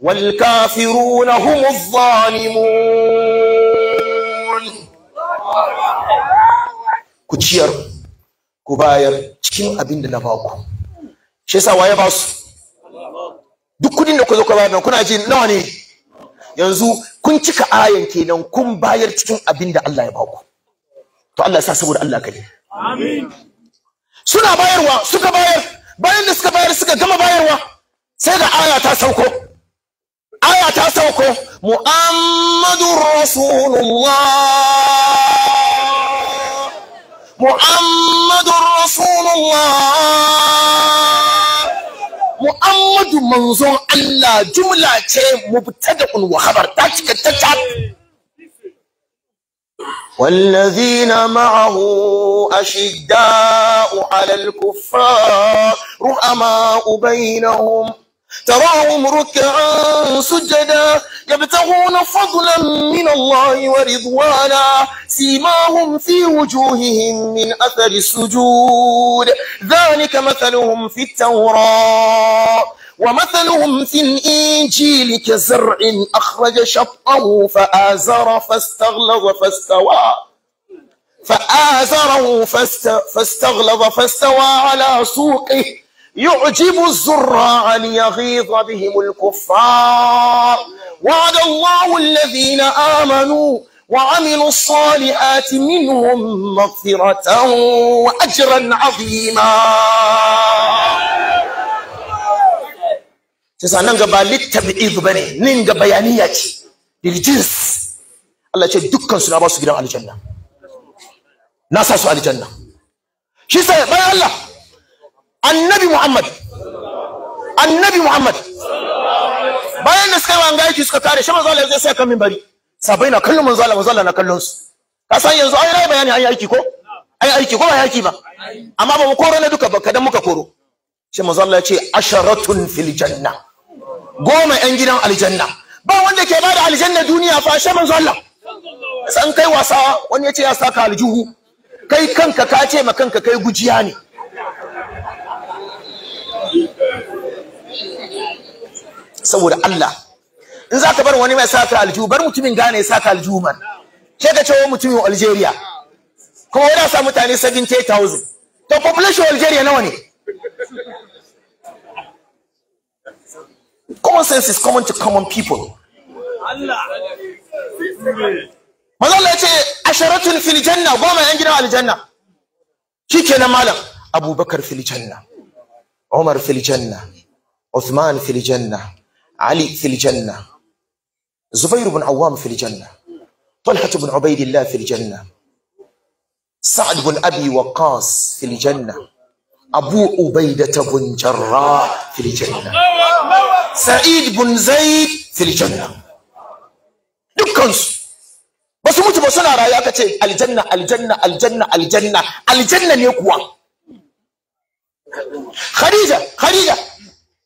والكافرون هم الظالمون كتير ku bayar cikin abin da na ba ku shi yasa waye ba su duk kudin da ku zo ku bayar kuna ji nawa ne yanzu kun cika ayan kenan kun bayar cikin abin da Allah ya ba ku to Allah ya sa saboda Allah kai amin suna bayarwa suka bayar bayan da suka bayar suka gama bayarwa sai da aya ta sauko aya ta sauko Muhammadu Rasulullah محمد رسول الله محمد منظور الله جملة مبتدأ وخبر تاتك تتعب والذين معه أشداء على الكفار رحماء بينهم تراهم ركعا سجدا يبتغون فضلا من الله ورضوانا سيماهم في وجوههم من أثر السجود ذلك مثلهم في التوراة ومثلهم في الإنجيل كزرع أخرج شطأه فآزر فاستغلظ فاستوى فآزره فاستغلظ فاستوى على سوقه يعجب الزراع ليغيظ بهم الكفار وعد الله الذين آمنوا وعملوا الصالحات منهم مغفرة وأجرا عظيما Sai nan gaba littab'id bane nin ga bayaniya ce lil jins Allah ce dukkan su na ba su gidan aljanna na sa su aljanna shi sai bayan Allah annabi muhammad annabi muhammad bayan da suka yi wanga yaki suka tare shi manzo Allah zai sai kan minbari sabai na kallon manzo Allah manzo Allah na kallon su ka san yanzu ai rai bayani ai aiki ko ai aiki ko ba aiki ba amma ba mu koro ne duka ba kadan muka koro shi manzo Allah ya ce asharatun fil janna goma yan gidan aljanna ba wanda ke bada aljanna duniya fa shi manzo Allah san kai wasawa, wani ya ce ya saka aljuhu kai kanka ka ce ma kanka kai gujiya ne saboda Allah in zaka bar wani mai saka aljihu bar mutumin gane ya saka aljihu man ke ka cewa mutumin Algeria kuma yana sa mutane 78,000 to population Algeria nawa ne common sense is common to common people Allah Allah ya ce asharatun fil janna goma yan gidan aljanna shikenan malam Abubakar fil janna Umar fil janna Uthman fil janna علي في الجنة زبير بن عوام في الجنة طلحة بن عبيد الله في الجنة سعد بن أبي وقاص في الجنة أبو عبيدة بن جراح في الجنة سعيد بن زيد في الجنة dukkansu بس موت بسنا رأيك الجنة الجنة الجنة الجنة الجنة aljanna خريجة aljanna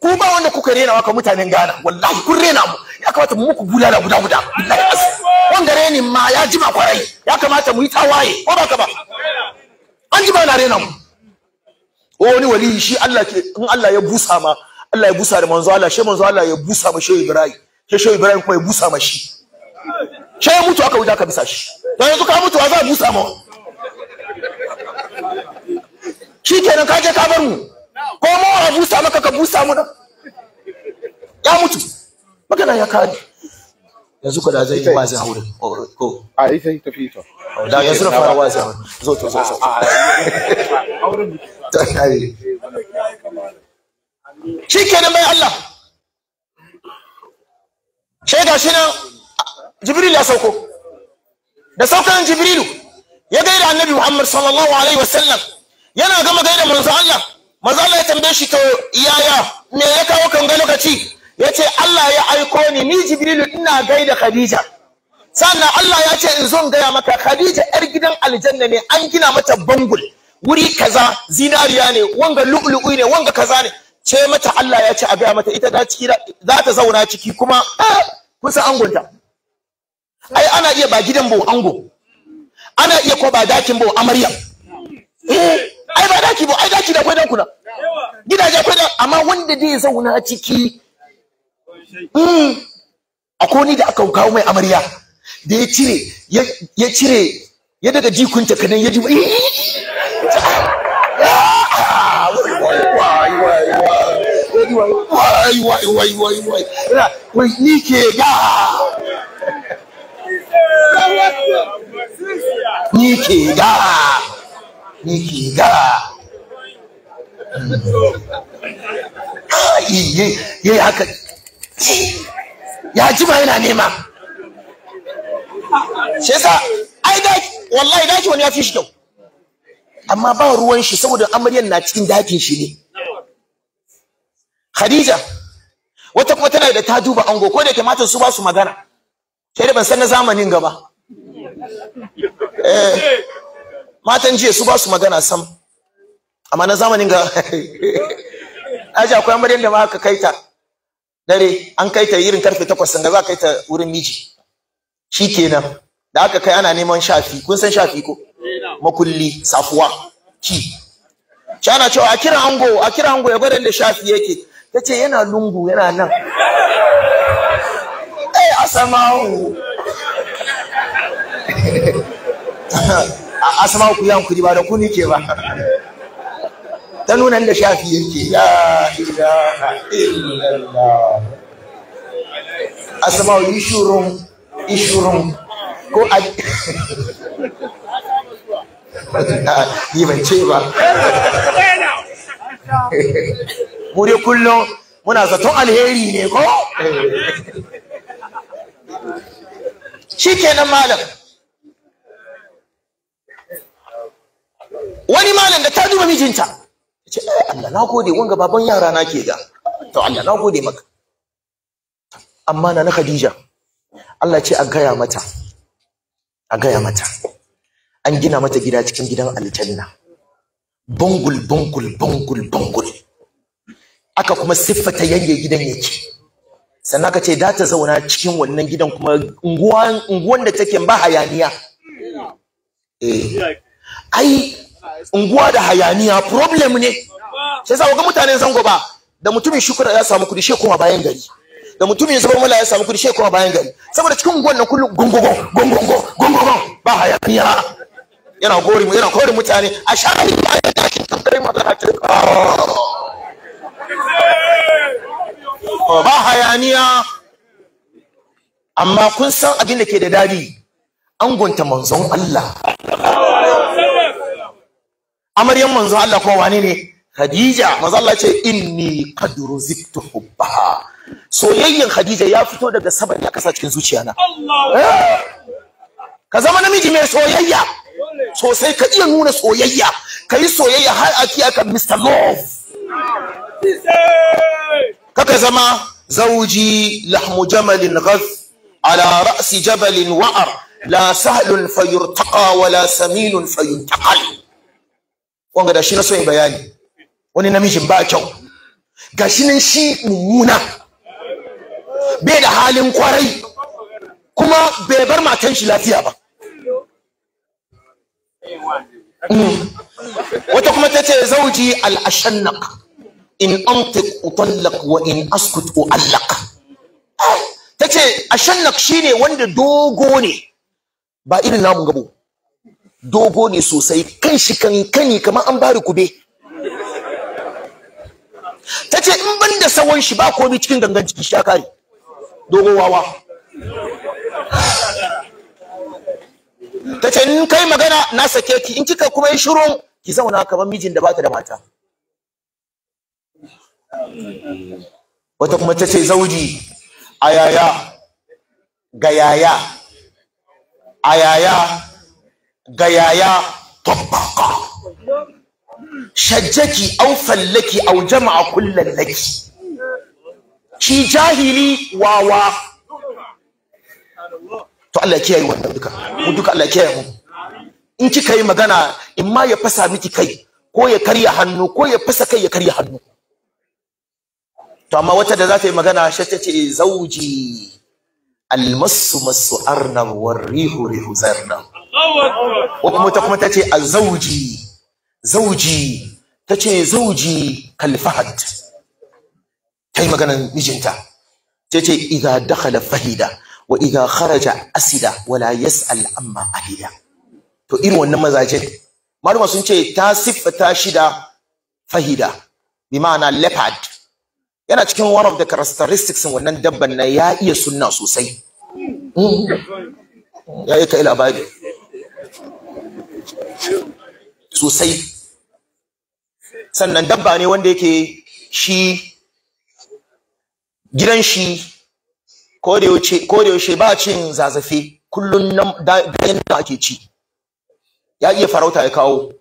ku ba wanda kuka rena ka mutanen Ghana wallahi kun rena mu ya kamata mu muku bulala guda guda wallahi as wanda renin ma ya jima kwarai ya kamata mu yi tawaye ko ba ka ba an jima na rena mu wani wali shi Allah ke in Allah ya busa ma Allah ya busa da manzo Allah shi manzo Allah ya busa ma shehu Ibrahim shi shehu Ibrahim kuma ya busa ma shi shi ya mutu aka wuce aka bisa shi dan yanzu ka mutu za a busa ma shi kenan ka je ka bar mu ko ma a busa maka ka busa mu ya mutu magana ya kare yanzu ko da zai yi wazi haure ko a ita ita fito da yanzu na fara wazi haure zo to zo zo auren ta kai shi kenan mai Allah shaida shi nan jibril ya sauko da saukan jibrilu ya gaida annabi muhammad sallallahu alaihi wasallam yana gama gaida manzo Allah maza Allah ya tambaye shi to yaya me ya kawo kan ga lokaci yace Allah ya aiko ni ni Jibrilu ina gaida Khadija sannan Allah ya ce in zo gaya maka Khadija yar gidan aljanna ne an gina mata bangul wuri kaza zinariya ne wanga lu'lu'i ne wanga kaza ne ce mata Allah ya ce a gaya mata ita da ciki za ta zauna ciki kuma kusa angonta ai ana iya ba gidan bo ango ana iya ko ba dakin bo amarya eh ai ba daki ba ai daki da akwai kuna, gidaje akwai dan amma wanda zai zauna a ciki hmm, akwai ni da aka kawo mai amarya da ya cire ya cire ya daga jikunta kadan ya ji wai wai wai wai wai wai ni ke ga ni ke ga yake yi haka ya jima yana nema shi yasa ai da wallahi daki wani ya fi shi kyau amma ba ruwan shi saboda amaryan na cikin dakin shi ne Khadija wata kuma tana da ta duba ango ko da ke su ba su magana sai da ban san na zamanin gaba eh matan jiya su ba su magana sam amma na zamanin ga aji akwai amaryan da ma aka kaita dare an kaita irin karfe takwas da za kai ta wurin miji shi kenan da aka kai ana neman shafi kun san shafi ko makulli safuwa ki shi ana cewa a kira ango a kira ango ya gwada da shafi yake ta ce yana lungu yana nan eh asama asma ku yan kuri ba da ku nike ba ta nuna da shafi yake ya ilaha illallah asma yi shurun ishurun ko a ni ban ce ba mu kullum muna zaton alheri ne ko Shi kenan malam wani malam da ta duba mijinta ta ce Allah na gode wanga baban yara na ke ga to Allah na gode maka amma na na Khadija Allah ce a gaya mata a gaya mata an gina mata gida cikin gidan aljanna bungul bungul bungul bungul aka kuma siffata yange gidan yake sannan aka ce da ta zauna cikin wannan gidan kuma unguwan da take ba hayaniya eh ai unguwa da hayaniya problem ne sai sa ga mutanen zango ba da mutumin shukura ya samu kudi shi kuma bayan gari da mutumin zuba mala ya samu kudi shi kuma bayan gari saboda cikin unguwan nan kullum gungugun gungugun gungugun ba hayaniya yana gori mu yana kore mutane a shari ba ya tashi tamkar magana ce ba hayaniya amma kun san abin da ke da dadi An angonta manzon Allah amaryan manzon Allah kuma wane ne Khadija manzon Allah ce inni qad ruziktu hubbaha soyayyen Khadija ya fito daga saban ya kasa cikin na. Eh! ka zama namiji mai soyayya sosai ka iya nuna soyayya ka yi soyayya har a kiya ka Mr. Love kaka zama zauji lahmu jamalin ghaz ala ra'si jabalin wa'ar la sahlun fayurtaqa wala saminun fayuntaqal wanga da shi na so yi bayani wani namijin ba kyau gashi nan shi mummuna bai da halin kwarai kuma bai bar matan shi lafiya ba mm. wata kuma ta ce zauji alashannak in antiq utallaq wa in askut u'allaq ta ce ashannaq shine wanda dogo ne ba irin namun gabo dogo ne sosai kan shi kankani kamar an bari kube ta ce in ban da sawon shi ba komai cikin gangan ciki shi kare dogo wawa ta in kai magana na sake ki in kika kuma yi shiru ki zauna kamar mijin da bata da mata wata kuma ta ce zauji a yaya ga yaya a yaya ga yaya tabbaka shajjaki au fallaki au jama'a kullal laki shi jahili wawa to Allah kiyaye wannan duka mu duka Allah kiyaye mu in kika yi magana in ma ya fasa miki kai ko ya karya hannu ko ya fasa kai ya karya hannu to amma wata da za ta yi magana shi ta ce zauji almasu masu arna war rihu rihu wata mata kuma tace azauji zauji tace zauji kalfahad fahad kai maganan mijinta tace iga dakhala fahida wa iga kharaja asida wala yas'al amma ahida to irin wannan mazaje maluma sun ce ta siffata shida fahida bi ma'ana leopard yana cikin one of the characteristics wannan dabban na ya iya sunna sosai hmm. ya yi sosai sannan dabba ne wanda yake shi gidan shi ko da yaushe ba cin zazafe kullum bayan da ake ci ya iya farauta ya kawo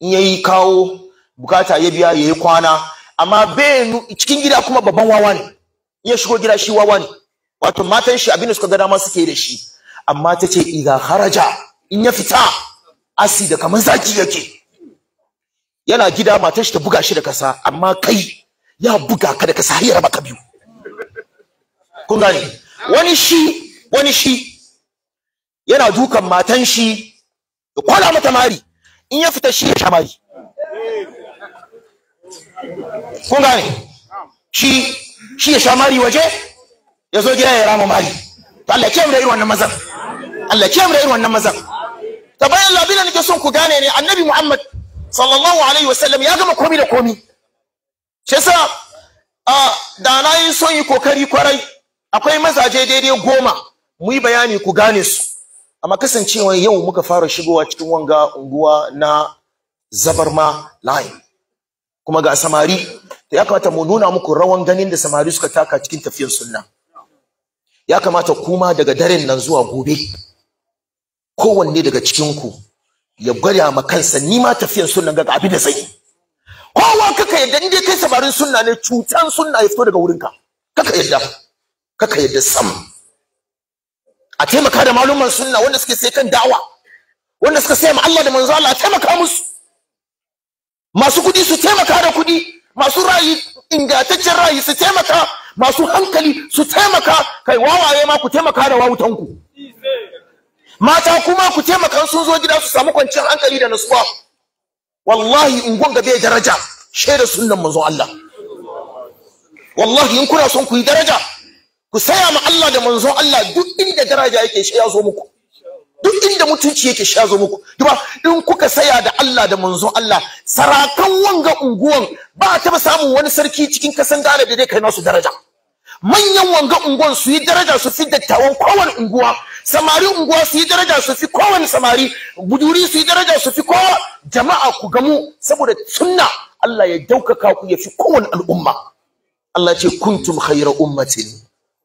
in ya yi kawo bukata ya biya ya yi kwana amma bai cikin gida kuma babban wawa ne ya shigo gida shi wawa ne wato matan shi abin da suka ga dama suke da shi amma ta ce iga haraja in ya fita asi da kamar zaki yake yana gida matar shi ta buga shi da kasa amma kai ya buga ka da kasa har ya raba ka biyu kun gane wani shi wani shi yana dukan matan shi ya kwala mata mari in ya fita shi ya sha mari kun gane shi shi ya sha mari waje ya zo gida ya rama mari to Allah ya kiyaye irin wannan mazan Allah ya kiyaye irin wannan mazan tabayan labina nake son ku gane ne annabi muhammad sallallahu alaihi wasallam ya gama komi da komi shi yasa a da na yi son yi kokari kwarai akwai mazaje daidai goma mu yi bayani ku gane su amma kasancewa yau muka fara shigowa cikin wanga unguwa na zabarma line kuma ga samari to ya kamata mu nuna muku rawan ganin da samari suka taka cikin tafiyar sunna ya kamata kuma daga daren nan zuwa gobe kowanne daga cikinku ya gwada ma kansa ni ma tafiyan sunan ga abin da zai yi kowa kaka yadda in dai kai samarin sunna ne cutan sunna ya fito daga wurinka kaka yadda kaka yadda sam a taimaka da maluman sunna wanda suke sai kan dawa wanda suka sai ma Allah da manzo Allah a taimaka musu masu kudi su taimaka da kudi masu rayi ingantaccen rayi su taimaka masu hankali su taimaka kai wawaye ma ku taimaka da wawutanku mata kuma ku taimaka sun zo gida su samu kwanciyar hankali da nasuwa wallahi in gonga bai daraja shaida sunnan manzon Allah wallahi in kuna son ku yi daraja ku saya ma Allah da manzon Allah duk inda daraja yake shi ya zo muku duk inda mutunci yake shi ya zo muku duba in kuka saya da Allah da manzon Allah sarakan wanga unguwan ba ta samun wani sarki cikin kasan Ghana da zai kai nasu daraja manyan wanga unguwan su yi daraja su fi dattawan kowane unguwa samari unguwa su yi daraja su fi kowane samari buduri su yi daraja su fi kowa jama'a ku gamu saboda sunna Allah ya daukaka ku ya fi kowane al'umma Allah ce kuntum khayra ummatin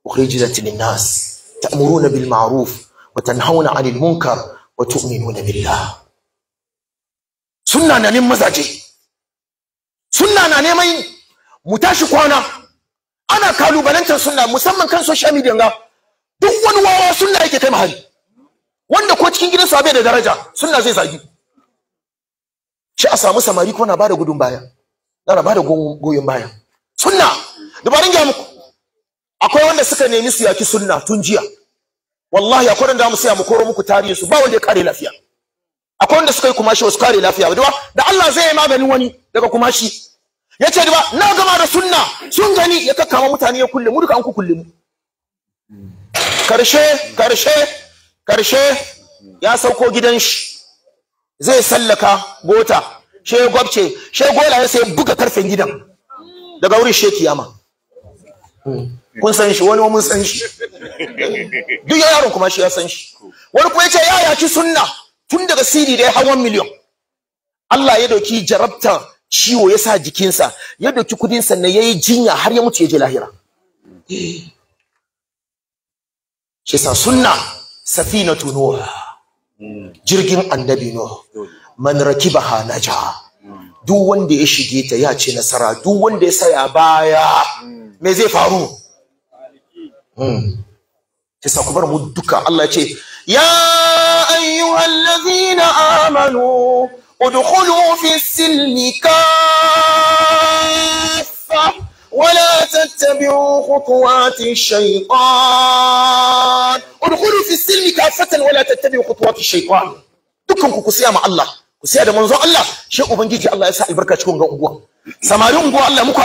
ukhrijat lin-nas ta'muruna bil ma'ruf wa tanhauna 'anil munkar wa tu'minuna billah sunna na neman mazaje sunna na neman mu tashi kwana ana kalubalantar sunna musamman kan social media nga. duk wani wawa sunna yake kai mahari wanda ko cikin gidansa bai da daraja sunna zai zagi shi a samu samari ko na bada gudun baya na bada goyon baya sunna dabarun ga muku akwai wanda suka nemi su yaki sunna tun jiya wallahi akwai wanda mu saya mu koro muku tarihi su ba wanda ya kare lafiya akwai wanda suka yi kumashi wasu kare lafiya ba da Allah zai yi maganin wani daga kumashi yace da ba na gama da sunna sun gani ya kakkama mutane ya kulle mu duka an ku kulle mu karshe karshe karshe ya sauko gidan shi zai sallaka gota. she gwabce she gola ya sai buga karfen gidan daga wurin she kiyama kun san shi wani mun san shi duk yaron kuma shi ya san shi wani kuma yace ya yaki sunna tun daga sidi da hawan miliyon Allah ya doki jarabta ciwo ya sa jikinsa ya doki kudin sannan yayi jinya har ya mutu ya je lahira shi sa sunna safinatu nuh jirgin annabi nuh man rakibaha naja duk wanda ya shige ta ya ce nasara duk wanda ya saya baya me zai faru hmm. shi sa ku mu duka Allah ya ce ya ayyuhallazina amanu udkhulu في silmi كافه ولا تتبعوا خطوات الشيطان ادخلوا في السلم كافة ولا تتبعوا خطوات الشيطان دكم كوسيا مع الله كوسيا ده الله شيء ubangiji Allah ya sa albarka cikin ga unguwa samarin unguwa Allah muku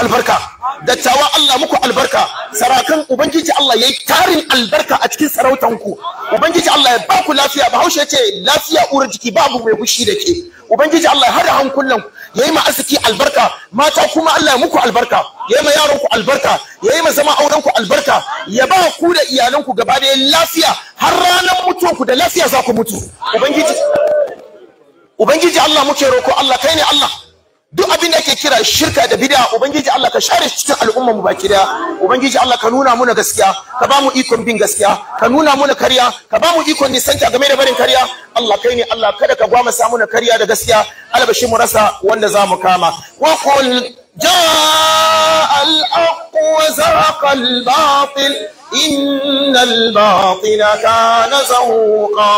dattawa Allah muku albarka sarakan ubangiji Allah yayi tarin albarka a cikin sarautanku ubangiji Allah ya ba ku lafiya bahaushe ce lafiya uwar jiki babu mai bushi da ke ubangiji Allah ya hada hankulan yayi ma arziki albarka mata kuma Allah ya muku albarka yayi ma yaron ku albarka yayi ma zama auren ku albarka ya ba ku da iyalan ku gaba da lafiya har ranar mutuwan ku da lafiya za ku mutu ubangiji ubangiji Allah muke roko Allah kai ne Allah duk abin da ake kira shirka da bid'a ubangiji Allah ka share shi cikin al'umma mu baki daya ubangiji Allah ka nuna muna gaskiya ka ba mu ikon bin gaskiya ka nuna muna kariya ka ba mu ikon nisanta game da barin kariya Allah kai ne Allah kada ka gwama samu na kariya da gaskiya albashi mu rasa wanda za mu kama wa qul jaa al-haq wa zaqa al-batil inna al-batila kana zahuqa